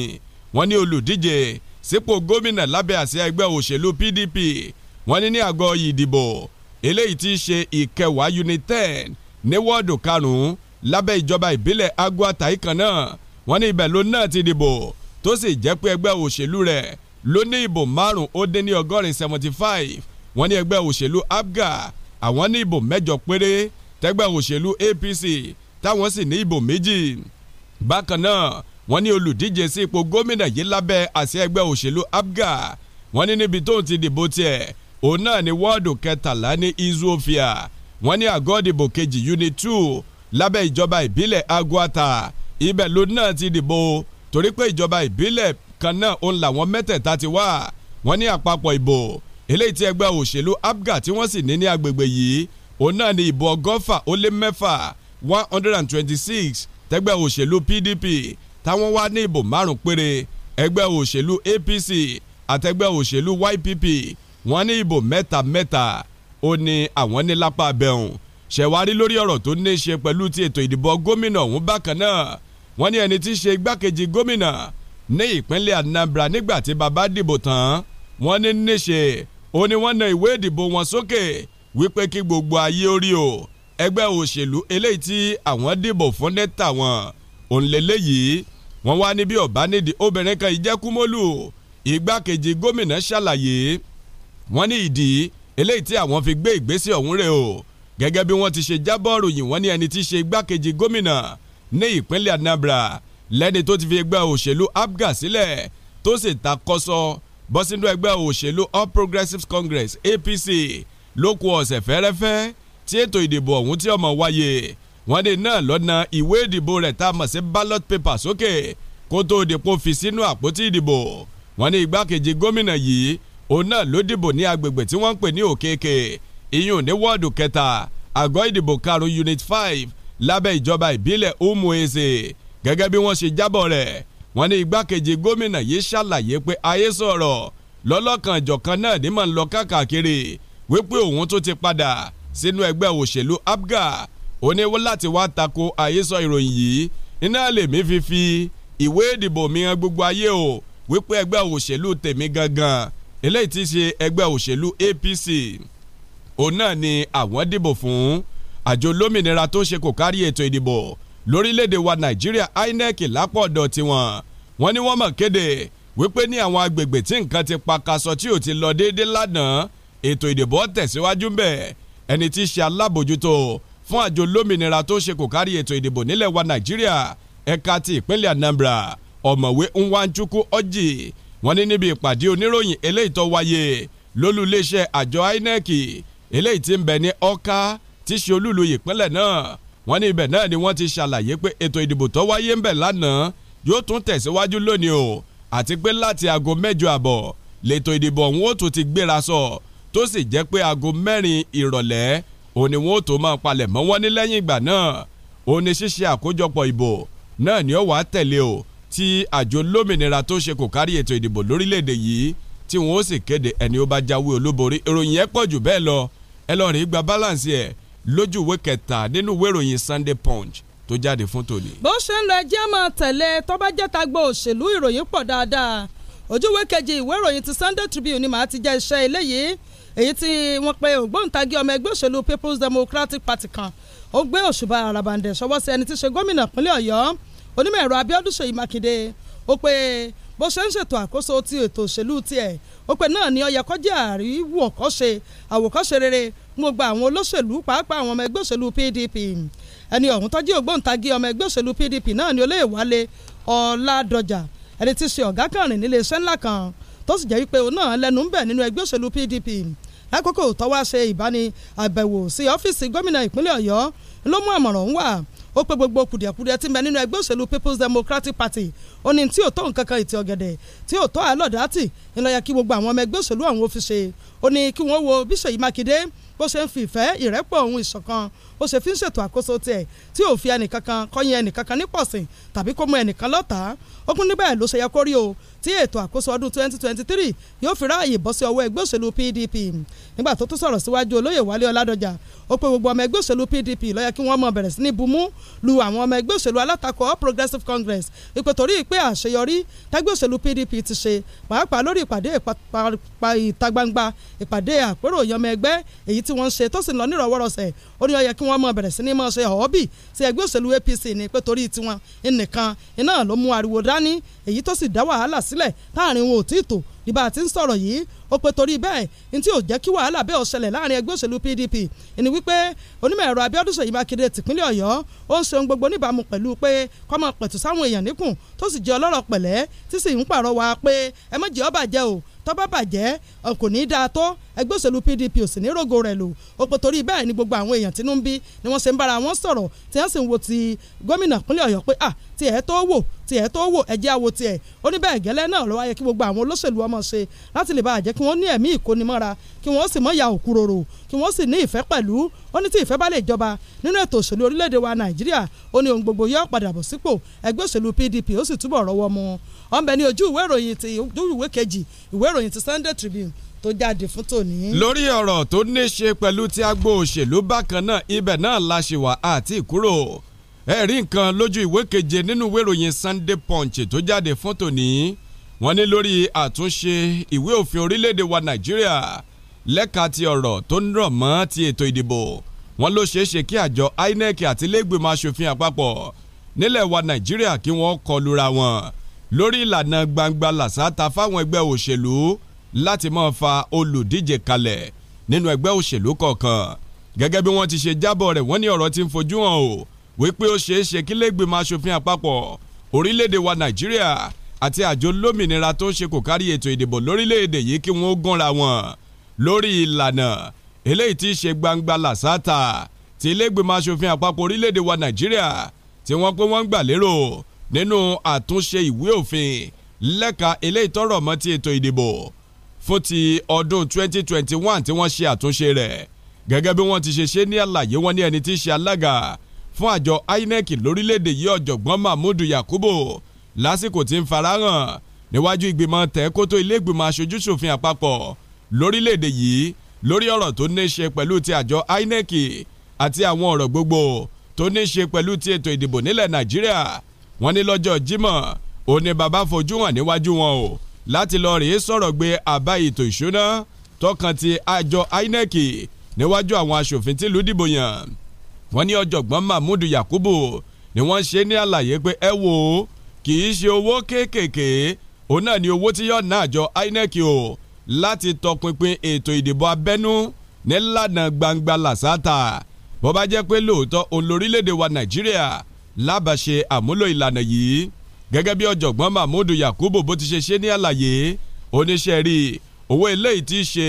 wọ́n ní olùdíje sípò gómìnà lábẹ́ àsíá ẹgbẹ́ òṣèlú PDP wọ́n ní ní àgọ́ ìdìbò eléyìí ti ṣe ìkẹwàá unit ten ní wọ́ọ̀dù karùn-ún lábẹ́ ìjọba wọ́n ní ibẹ̀ ló náà ti dìbò tó sì jẹ́ pé ẹgbẹ́ òṣèlú rẹ̀ ló ní ìbò márùn ó dín ní ọgọ́rin seventy five wọ́n ní ẹgbẹ́ òṣèlú APGA àwọn ní ìbò mẹ́jọ péré tẹ́gbẹ́ òṣèlú APC táwọn sì ní ìbò méjì bákan náà wọ́n ní olùdíje sí ipò gómìnà yìí lábẹ́ àsíá ẹgbẹ́ òṣèlú APGA wọ́n ní níbi tóun ti dìbò tiẹ̀ òun náà ní wọ́ọ̀dù kẹtàlá ní Izofia wọ́n ní àgọ́ ìdìbò kejì unit two lábẹ́ ìjọba ìbílẹ̀ Agwata ibẹ̀ ló náà ti dìbò torí pé ìjọba ìbílẹ̀ kan náà òun làwọn mẹ́tẹ̀ẹ̀ta ti wá wọ́n ní àpapọ̀ ìbò eléyìí tí ẹgbẹ́ òṣèlú APGA tí wọ́n sì ní ní agbègbè yìí òun náà ni ìbò ọgọ́fà ó lé mẹ́fà one hundred and twenty-six tẹgbẹ́ òṣèlú PDP táwọn wá ní ìbò márùn péré ẹgbẹ́ òṣèlú APC àtẹgbẹ́ òṣèlú YPP wọ́n ní ìbò mẹ́ta mẹ́ta ó ní àwọn ní lápá abẹ́hùn ṣẹ̀wárí lórí ọ̀rọ̀ tó ní í ṣe pẹ̀lú ti ètò ìdìbò gómìnà ọ̀hún bákan náà wọ́n ní ẹni tí í ṣe igbákejì gómìnà ní ìpínlẹ̀ Anambra nígbà tí bàbá dìbò tán wọ́n ní níṣe ó ní wọ́n na ìwé ìdìbò wọn sókè wípé kí gbogbo ayé orí o ẹgbẹ́ òṣèlú eléyìí tí àwọn dìbò fún ní tàwọn òǹlẹ́lẹ́yìí wọ́n wá níbi ọ̀bánidì obìnrin kan ìjẹ́kúmólú igbákejì gómìnà ṣàlàyé wọ́n ní ìdí eléyìí tí àwọn fi gbé ìgbésẹ̀ ọ̀hún rẹ̀ o gẹ́gẹ́ bí wọ́n ti ṣe jábọ̀ ròyìn wọ́n ní ẹni tí ṣe igbákejì gómìnà ní ìpínlẹ̀ Anambra lẹ́ni tó ti fi ẹgbẹ́ òṣèlú APGA sílẹ̀ tó sì takọ́sọ bọ́ sínú ẹgbẹ́ òṣèlú All Progressives Congress APC lókù ọ̀sẹ̀ fẹ́rẹ́fẹ́ tí ètò ìdìbò ọ̀hún tí ọmọ wáyé wọ́n dé náà lọ́nà ìwé ìdìbò rẹ̀ tá a mọ̀ sí ballot paper sókè kó tó dìpọ̀ fi sínú àpótí ìdìbò wọ́n ní igbákejì gómìnà yìí òun náà ló dìbò ní agbègbè tí wọ́n ń pè ní Òkèkè ìyún ní wọ́ọ̀dù kẹta àgọ́ ìdìbò karùn-ún unit five lábẹ́ ìjọba ìbílẹ̀ Umueze gẹ́gẹ́ bí wọ́n ṣe jábọ̀ rẹ̀ wọ́n ní igbákejì gómìnà yìí ṣàlàyé pé ayé sọ̀rọ̀ lọ́lọ́kan ìjọ̀kan náà ní màá ń lọ káàkiri wípé òun tó ti padà sínú ẹgbẹ́ òṣèlú APGA ó láti wá tako àhesọ ìròyìn yìí iná lèmi fífi ìwé ìdìbò mi gbogbo ayé o wípé ẹgbẹ́ òṣèlú tèmi gangan eléyìí ti ṣe ẹgbẹ́ òṣèlú APC òun náà ni àwọn dìbò fún àjọ olómìnira tó ń ṣe kò kárí ètò ìdìbò lórílẹ̀‐èdè wa nàìjíríà inec lápọ̀dọ̀ tiwọn wọ́n ní wọ́n mọ̀ kéde wípé ní àwọn agbègbè tí nǹkan ti pakasọ tí ò ti lọ déédé lánàá ètò ìdìbò tẹ̀síwájú ń bẹ̀ ẹni tí í ṣe alábòjútó fún àjọ olómìnira tó ṣe kò kárí ètò ìdìbò nílẹ̀ wa nàìjíríà ẹ̀ka ti ìpínlẹ̀ anambra ọ̀mọ̀wé nwanchukwu ọjì wọ́n ní níbi ìpàdé oníròyìn eléyìí tó wáyé lólú iléeṣẹ́ àjọ inec eléyìí tí ń bẹ ní ọ̀ka tí ṣe olúlu ìpínlẹ̀ náà wọ́n ní ibẹ̀ náà ni wọ́n ti ṣàlàyé pé ètò ìdìbò tó wáyé ńbẹ̀ lánàá yóò tún tẹ̀síwájú lónìí o àti pé láti aago mẹ́jọ àbọ̀ lẹ́tọ̀ ìdìbò ọ̀hún ó tún ti gbéra sọ tó sì jẹ́ pé aago mẹ́rin ìrọ̀lẹ́ òun ni wọ́n ó tó máa palẹ̀ mọ́ wọn ní lẹ́yìn ìgbà náà òun ni ṣíṣe àkójọpọ̀ ìbò náà ni ó wàá tẹ̀lé o tí àjọ lómìnira tó ṣe kò kárí ètò ìdìbò lórílẹ̀‐èdè yìí tí wọ́n ó sì kéde ẹni ó bá jáwé olúborí ìròyìn ẹ̀ pọ̀ jù bẹ́ẹ̀ lọ ẹ lọ rí gba balance ẹ̀ lójú ìwé kẹta nínú ìwé ìròyìn Sunday Punch tó jáde fún tòní. bó ṣe ń lọ ẹjẹ́ máa tẹ̀lé e. tọ́bájẹ́ta gba òṣèlú ìròyìn pọ̀ dáadáa ojúwé kejì ìwé ìròyìn ti Sunday Tribune ni màá ti jẹ́ iṣẹ́ eléyìí èyí tí wọ́n pe ògbóǹtagì ọmọ ẹgbẹ́ òṣèlú People's Democratic Party kan ó gbé òṣùbà àràbàǹdẹ̀ ṣọwọ́ sí ẹni tí í ṣe gómìnà pínlẹ̀ Ọ̀yọ́ onímọ̀ ẹ̀rọ Abíọ́dún Ṣèyí Mákindé ó pe bó ṣe ń ṣètò àkóso ti ètò òṣèlú tiẹ̀ ó pé náà ni ó yẹ kó jẹ́ àríwòkọ́ṣe àwòkọ́ṣe rere mo gba àwọn olóṣèlú pàápàá àwọn ọmọ ẹgbẹ́ òṣèlú PDP ẹni ọ̀hún tọ́jú ògbóǹtagì ọmọ ẹgbẹ́ òṣèlú PDP náà ni Olóyèwálé Ọládọjà ẹni tí í ṣe ọ̀gá kàrin nílé iṣẹ́ ńlá kan tó sì jẹ́ wípé òun náà lẹ́nu ń bẹ̀ nínú ẹgbẹ́ òṣèlú PDP lákòókò tó ṣe ìbáni àbẹ̀wò sí ọ́fíìsì gómìnà ìpínlẹ̀ Ọ̀yọ́ ló mú àmọ̀ràn wá ó pé gbogbo kùdìẹ̀kudiẹ tí ń nínú ẹgbẹ́ òṣèlú People's Democratic Party ó ní tí ò tó nǹkan kan ìtì ọ̀gẹ̀dẹ̀ tí ò tó àlọ́dàátì ńlọ́yà kí gbogbo àwọn ọmọ ẹgbẹ́ òṣèlú àwọn ó fi ṣe ó ní kí wọ́n wo bí Ṣèyí Mákindé bó ṣe ń fi ìfẹ́ ìrẹ́pọ̀ ohun ìṣọ̀kan ó ṣe fi ń ṣètò àkóso tiẹ̀ tí ò fi ẹnìkankan kọyìn ẹnìkankan nípọ̀sìn tàbí kó mú ẹnìkan lọ́tàá ó kún níbẹ̀ ló ṣe yẹ kó rí o tí ètò àkóso ọdún 2023 yóò fi ráàyè bọ́ sí ọwọ́ ẹgbẹ́ òṣèlú PDP nígbà tó tún sọ̀rọ̀ síwájú olóyè Wálé Ọládọjà ó pe gbogbo ọmọ ẹgbẹ́ òṣèlú PDP ló yẹ kí wọ́n mọ̀ bẹ̀rẹ̀ sí ní bumú lu àwọn ọmọ ẹgbẹ́ òṣèlú alátakò All Progressives Congress ipò torí pé àṣeyọrí tẹ́gbẹ́ òṣèlú PDP ti ṣe pàápàá lórí ìpàdé ìta gbangba ìpàdé àpérò ìyọmọ ẹgbẹ́ èyí tí wọ́n ń ṣe tó sì lọ nírọ̀wọ́rọ̀sẹ̀ ó ní ó kí wọ́n máa bẹ̀rẹ̀ sí ní máa ṣe ọ̀ọ́bì sí ẹgbẹ́ òṣèlú APC ni pé torí tiwọn nìkan iná ló mú ariwo dání èyí tó sì dá wàhálà sílẹ̀ táàrin wọn ò tí ì tò ìbá àti ń sọ̀rọ̀ yìí ó pe torí bẹ́ẹ̀ ní tí ò jẹ́ kí wàhálà bẹ́ẹ̀ ó láàrin ẹgbẹ́ òṣèlú PDP ẹni wípé onímọ̀ ẹ̀rọ Abíọ́dún Ṣèyí Mákindé tìpínlẹ̀ Ọ̀yọ́ ó ń ṣeun gbogbo níbàámu pẹ̀lú pé kọ́mọ pẹ̀tù sáwọn èèyàn níkùn tó sì jẹ́ ọlọ́rọ̀ pẹ̀lẹ́ tí sì ń pàrọwà pé ẹ má jẹ́ ó bàjẹ́ o tó bá bàjẹ́ kò ní í dáa tó ẹgbẹ́ òṣèlú PDP ò sì ní rògo rẹ̀ lò ó pé torí bẹ́ẹ̀ ni gbogbo àwọn èèyàn tínú ń bí ni wọ́n ṣe ń bára wọn sọ̀rọ̀ tí wọ́n sì ń wo ti gómìnà pínlẹ̀ Ọ̀yọ́ pé à tiẹ̀ tó wò tiẹ̀ tó wò ẹ̀jẹ̀ àwo tiẹ̀ ó ní bẹ́ẹ̀ gẹ́lẹ́ náà ló wáyé kí gbogbo àwọn olóṣèlú ọmọ ṣe láti lè bá àjẹ́ kí wọ́n ní ẹ̀mí ìkónimọ́ra kí wọ́n sì mọ̀ ya òkúròrò kí wọ́n sì ní ìfẹ́ pẹ̀lú ó ní tí ìfẹ́ bá lè jọba nínú ètò òṣèlú orílẹ̀-èdè wa nàìjíríà ó ní ohun gbogbo yóò padà bọ̀ sípò ẹgbẹ́ òṣèlú pdp ó sì túbọ̀ rọ́wọ́ mu ọ̀n bẹ ní ojú ìwé ìròyìn ti ìwé kejì ìwé ìròyìn ti sunday tribune tó jáde fún tòní. lórí ọ̀rọ̀ tó ní ṣe pẹ̀lú ti agbo òṣèlú bákan náà ibẹ̀ náà la ṣe wà àti ìkúrò ẹ̀rí nǹkan lójú ìwé keje nínú ìwé ìròyìn Sunday Punch tó jáde fún tòní wọ́n ní lórí àtúnṣe ìwé òfin orílẹ̀-èdè wa Nàìjíríà lẹ́ka ti ọ̀rọ̀ tó ń rọ̀ mọ́ ti ètò ìdìbò wọ́n ló ṣeé ṣe kí àjọ INEC àti ilégbèmọ̀ aṣòfin àpapọ̀ nílẹ̀ wa Nàìjíríà kí wọ́n kọlura wọn lórí ìlànà gbangba làṣáta fáwọn ẹgbẹ́ òṣèlú láti máa fa olùdíje kalẹ̀ nínú ẹgbẹ́ òṣèlú kọ̀ọ̀kan gẹ́gẹ́ bí wọ́n ti ṣe jábọ̀ rẹ̀ wọ́n ní ọ̀rọ̀ tí ń fojú hàn o wípé ó ṣeé ṣe kí lẹ́gbẹ̀mọ aṣòfin àpapọ̀ orílẹ̀-èdè wa nàìjíríà àti àjọ lómìnira tó ń ṣe kò kárí ètò ìdìbò lórílẹ̀-èdè yìí kí wọ́n gúnra wọn lórí ìlànà eléyìí tí í ṣe gbangba làṣáta ti ilégbèmọ̀ aṣòfin àpapọ̀ orílẹ̀-èdè wa nàìjíríà tí wọ́n pé wọ́n ń gbà lérò nínú àtúnṣe ìwé òfin lẹ́ka eléyìí tọ́rọ̀ mọ́ ti ètò ìdìbò fún ti ọdún 2021 tí wọ́n ṣe àtúnṣe rẹ̀ gẹ́gẹ́ bí wọ́n ti ṣe ṣe ní àlàyé wọn ní ẹni tí í ṣe alága fún àjọ INEC lórílẹ̀‐èdè yìí ọ̀jọ̀gbọ́n Mahmood Yakubu lásìkò tí ń farahàn níwájú ìgbìmọ̀ tẹ́kótó ilé-ìgbìmọ̀ aṣojú-ṣòfin àpapọ̀ lórílẹ̀‐èdè yìí lórí ọ̀rọ̀ tó ní í ṣe pẹ̀lú ti àjọ INEC àti àwọn ọ̀rọ̀ gbogbo tó ní í ṣe pẹ̀lú ti ètò ìdìbò nílẹ̀ Nàìjíríà wọ́n ní lọ́jọ́ Jímọ̀ ó ní bàbá fojú hàn níwájú wọn o láti lọ rèé sọ̀rọ̀ gbé àbá ètò ìṣúná tọkàn ti àjọ INEC níwájú àwọn aṣòfin tìlú dìbò yàn wọ́n ní ọ̀jọ̀gbọ́n mahmood yakubu ni wọ́n ṣe ní àlàyé pé ẹ wò ó kì í ṣe owó kéékèèké òun náà ni owó tí yóò ná àjọ inec o láti tọpinpin ètò ìdìbò abẹ́nú nílànà gbangba làṣàtà bó bá jẹ́ pé lóòótọ́ òun lórílẹ̀‐èdè wa nàìjíríà lábàṣe àmúlò ìlànà yìí gẹ́gẹ́ bí ọ̀jọ̀gbọ́n mahmood yakubu bó ti ṣe ṣe ní àlàyé oníṣẹ́ rí owó eléyìí ti ṣe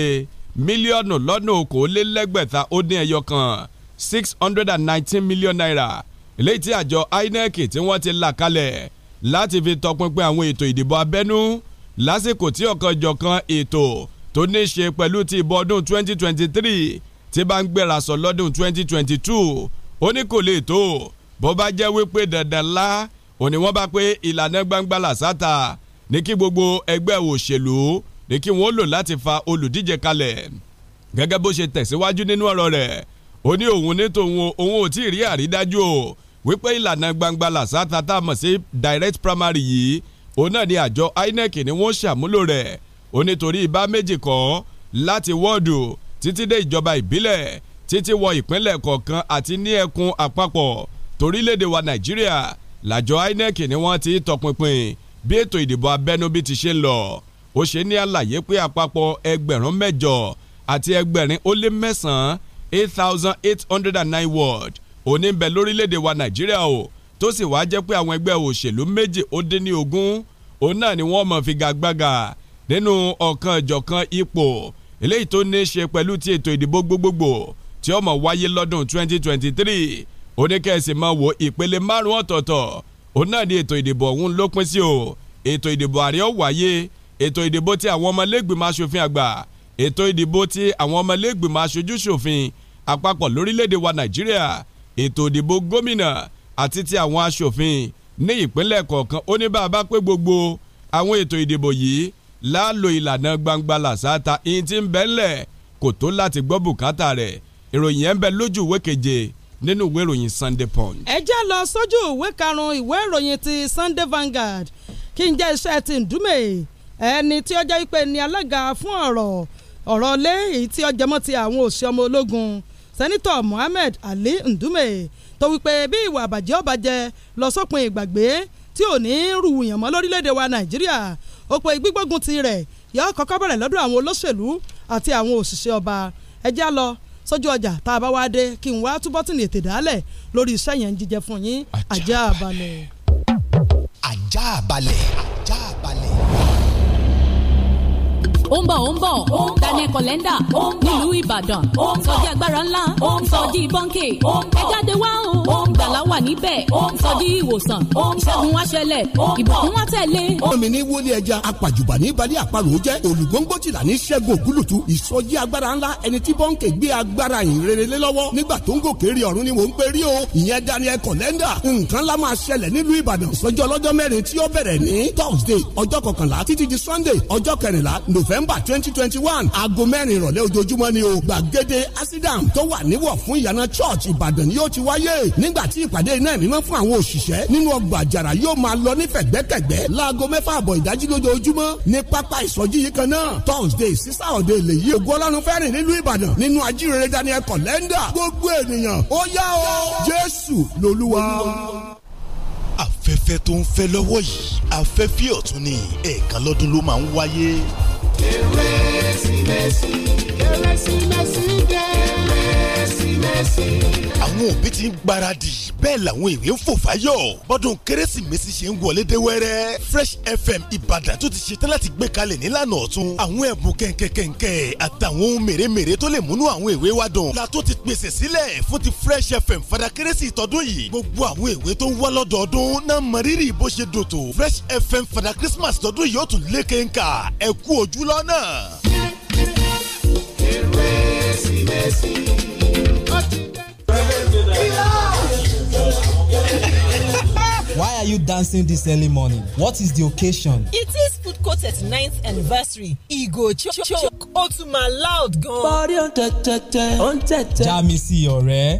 mílíọ̀nù lọ́nà okòólélẹ́gbẹ̀ta ó dín ẹyọ kan six hundred and nineteen million naira eléyìí tí àjọ INEC tí wọ́n ti là kalẹ̀ láti fi tọpinpin àwọn ètò ìdìbò abẹ́nú lásìkò tí ọ̀kanjọ̀kan ètò tó ní ṣe pẹ̀lú ti ìbò ọdún 2023 ti bá ń gbéra sọ lọ́dún 2022 ó ní kò lè tó bó bá jẹ́ wípé dandan lá òní wọ́n bá pé ìlànà gbangba làṣàtà ní kí gbogbo ẹgbẹ́ òṣèlú ní kí wọ́n lò láti fa olùdíje kalẹ̀ gẹ́gẹ́ bó ṣe tẹ̀síwájú nínú ọ̀rọ̀ rẹ̀ ó ní òun ní tòun òun ò tí ì rí àrídájú o wípé ìlànà gbangba làṣàtà tá a mọ̀ sí direct primary yìí òun náà ni àjọ INEC ni wọ́n ṣàmúlò rẹ̀ ó nítorí ibà méjì kọ́ láti wọ́ọ̀dù títí dé ìjọba ìbílẹ̀ títí wọ ìpínlẹ̀ kọ̀ọ̀kan àti ní ẹkùn àpapọ̀ torílẹ̀-èdè wa Nàìjíríà làjọ INEC ni wọ́n ti tọpinpin bí ètò ìdìbò abẹ́nú bí ti ṣe ń lọ ó ṣe ní àlàyé pé àpapọ̀ ẹgbẹ̀rún mẹ́jọ àti ẹgbẹ̀rin ó lé mẹ́sàn-án eight thousand eight hundred and nine word òní ń bẹ lórílẹ̀‐èdè wa nàìjíríà o tó sì wáá jẹ́ pé àwọn ẹgbẹ́ òṣèlú méje ó dé ní ogún òun náà ni wọ́n mọ̀ figagbága nínú ọ̀kan ìjọ̀kan ipò eléyìí tó ní í ṣe pẹ̀lú ti ètò ìdìbò gbogbogbò tí ó mọ̀ wáyé lọ́dún 2023 oníkẹ́sì máa wo ìpele márùn ọ̀tọ̀ọ̀tọ̀ òun náà ni ètò ìdìbò ọ̀hún ló pín sí o ètò ìdìbò ààrẹ ó wáyé ètò ìdìbò ti àwọn ọmọlẹ́gbìmọ̀ aṣòfin àgbà ètò ìdìbò ti àwọn ọmọlẹ́gbìmọ̀ aṣojú ṣòfin àpapọ̀ lórílẹ̀‐èdè wa nàìjíríà ètò ìdìbò gómìnà àti ti àwọn aṣòfin ní ìpínlẹ̀ kọ̀ọ̀kan ó ní bá a bá pé gbogbo àwọn ètò ìdìbò yìí láàlò ìlànà gbangba làṣáta ìyìn tí ń bẹ ńlẹ̀ kò tó láti gbọ́ bùkátà rẹ̀ ìròyìn ẹ̀ ń bẹ lójú ìwé keje nínú ìwé ìròyìn Sunday Punch. ẹ já lọ sójú ìwé karùn-ún ìwé ìròyìn ti Sunday Vanguard kí n jẹ́ iṣẹ́ ti Ndúmè ẹni tí ó jẹ́ wípé ni alága fún ọ̀rọ̀ ọ̀rọ̀ lé èyí tí ó jẹmọ́ ti àwọn òṣìṣẹ́ ọmọ ológun sẹ́nitọ̀ Mohammed Ali Ndume tó wípé bí ìwà àbàjẹ́ ọ̀bàjẹ́ lọ sópin ìgbàgbé tí ò ní rùwùyàn mọ́ lórílẹ̀‐èdè wa Nàìjíríà ó pe gbígbógun ti rẹ̀ yọ kọ́kọ́ bẹ̀rẹ̀ lọ́dọ̀ àwọn olóṣèlú àti àwọn òṣìṣẹ́ ọba ẹjá lọ sójú ọjà tá a bá wá dé kí n wá túbọ̀ tì ní ètè dálẹ̀ lórí iṣẹ́ yẹn ń jíjẹ fún yín ajá balẹ̀. ajá balẹ̀. ajá balẹ̀ ó ń bọ̀ ó ń bọ̀ Daniel Kolenda nílùú Ìbàdàn sọjí agbára ńlá sọjí bọ́ńkè ẹ jáde wá o gbàlá wà níbẹ̀ sọjí ìwòsàn ṣẹ́gun wá ṣẹlẹ̀ ìbùkún wá tẹ̀lé. omi ní wọlé ẹja apàjùbà ní balẹ̀ àparò jẹ́ olùgbóngbòtìlà ní ṣẹ́gun ògúlùtù ìsọjí agbára ńlá ẹni tí bọ́ńkè gbé agbára yìn rere lé lọ́wọ́ nígbà tó ń gòkè rí ọ̀run ni mò ń pè o ìyẹn Daniel Kolenda nǹkan lá máa ṣẹlẹ̀ nílùú Ìbàdàn sọjọ́ ọlọ́jọ́ mẹ́rin tí ó bẹ̀rẹ̀ ní Thursday ọjọ́ kọkànlá títí di November december twenty twenty one aago mẹ́rin ìrọ̀lẹ́ ojoojúmọ́ ni o gbàgede asidam tó wà níwọ̀ fún ìyànà church ìbàdàn yóò ti wáyé nígbà tí ìpàdé iná ìmímọ́ fún àwọn òṣìṣẹ́ nínú ọgbà àjàrà yóò máa lọ ní fẹ̀gbẹ́kẹ̀gbẹ́ láago mẹ́fà àbọ̀ ìdájí lójoojúmọ́ ní pápá ìsọjí yìí kan náà thursday sísá òde lè yí ògo ọlọ́run fẹ́rìn nílùú ìbàdàn nínú ajírere daniel kọ̀lẹ́ndà afẹ́fẹ́ tó ń fẹ́ lọ́wọ́ yìí afẹ́fẹ́ ọ̀tun ni ẹ̀ẹ̀kan lọ́dún ló máa ń wáyé. kérésìmesì kérésìmesì àwọn òbí ti ń gbáradì bẹ́ẹ̀ làwọn èwe ń fò fáyọ̀ bọ́dún kérésìmesì ṣe ń wọlé dé wẹ́rẹ́ Fresh FM Ìbàdàn tó ti ṣetán láti gbé kalẹ̀ nílànà ọ̀tun àwọn ẹ̀bùn kẹ̀kẹ̀kẹ̀kẹ̀ àtàwọn ohun mèremère tó lè múnú àwọn èwe wa dùn la tó ti pèsè sílẹ̀ fún ti Fresh FM fada kérésì tọdún yìí gbogbo àwọn èwe tó ń wá lọ́dọọdún náà mọ rírì bó ṣe dòtò Fresh FM fada Christmas tọdún yìí ó tún lé kéńkà ẹ kú kérésìmesì Why are you dancing this early morning? What is the occasion? It is Food Court's ninth anniversary. Igo cho cho to my loud gun. Bọ́rí ó ń tẹ̀tẹ̀tẹ̀ ó ń tẹ̀tẹ̀. Já mi sí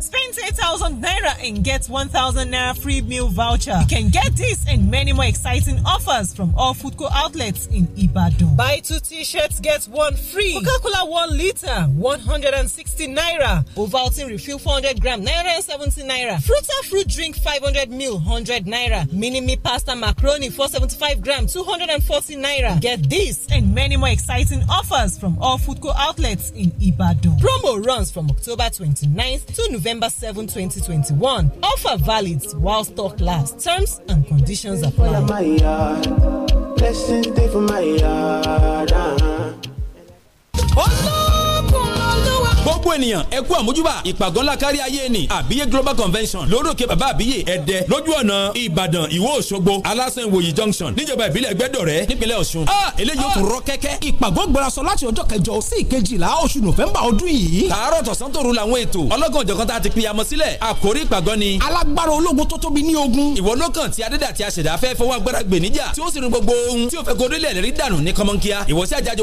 Spend eight thousand naira and get one thousand naira free meal voucher. You can get this and many more exciting offers from all Food Court outlets in Ibadan. Buy two t-shirts, get one free. Coca-Cola one liter, one hundred and sixty naira. Ovaltine refill four hundred gram, naira and seventy naira. Fruta fruit drink five hundred mil, hundred naira mini me pasta macaroni 475 gram 240 naira. Get this and many more exciting offers from all Foodco outlets in Ibadan. Promo runs from October 29th to November 7, 2021. Offer valid while stock lasts. Terms and conditions apply. blessing day for my yard. Oh uh-huh. no! gbogbo ènìyàn ẹ kú àmójúbà ìpàgọ́ ńlá kárí ayé ni àbíyé global convention lórókè bàbá àbíyé ẹ̀dẹ́ lójú ọ̀nà ìbàdàn ìwó òṣogbo alásán ìwòyí junction níjọba ìbílẹ̀ ẹgbẹ́dọ̀rẹ́ nípínlẹ̀ ọ̀ṣun. a ah, eléyìí ó tún rọ kẹ́kẹ́. ìpàgọ́ gbọ́dọ̀sọ láti ọjọ́ kẹjọ sí ìkejìlá oṣù nọ́fẹ̀mbà ọdún yìí. tààrọ̀ tọ̀sán tó ru làwọn ètò ọlọ́gàn ọ̀jọ̀kan tá a ti ni. ogun. ìwọ ló kàn tí adédà tí a ṣẹ̀dá fẹ́ fọwọ́ agbára gbè níjà tí ó sì rin gbogbo ohun tí ó fẹ́ kodó ilẹ̀ rí dànù ní kọ́mọ́nkíá. ìwọ sí àjàjọ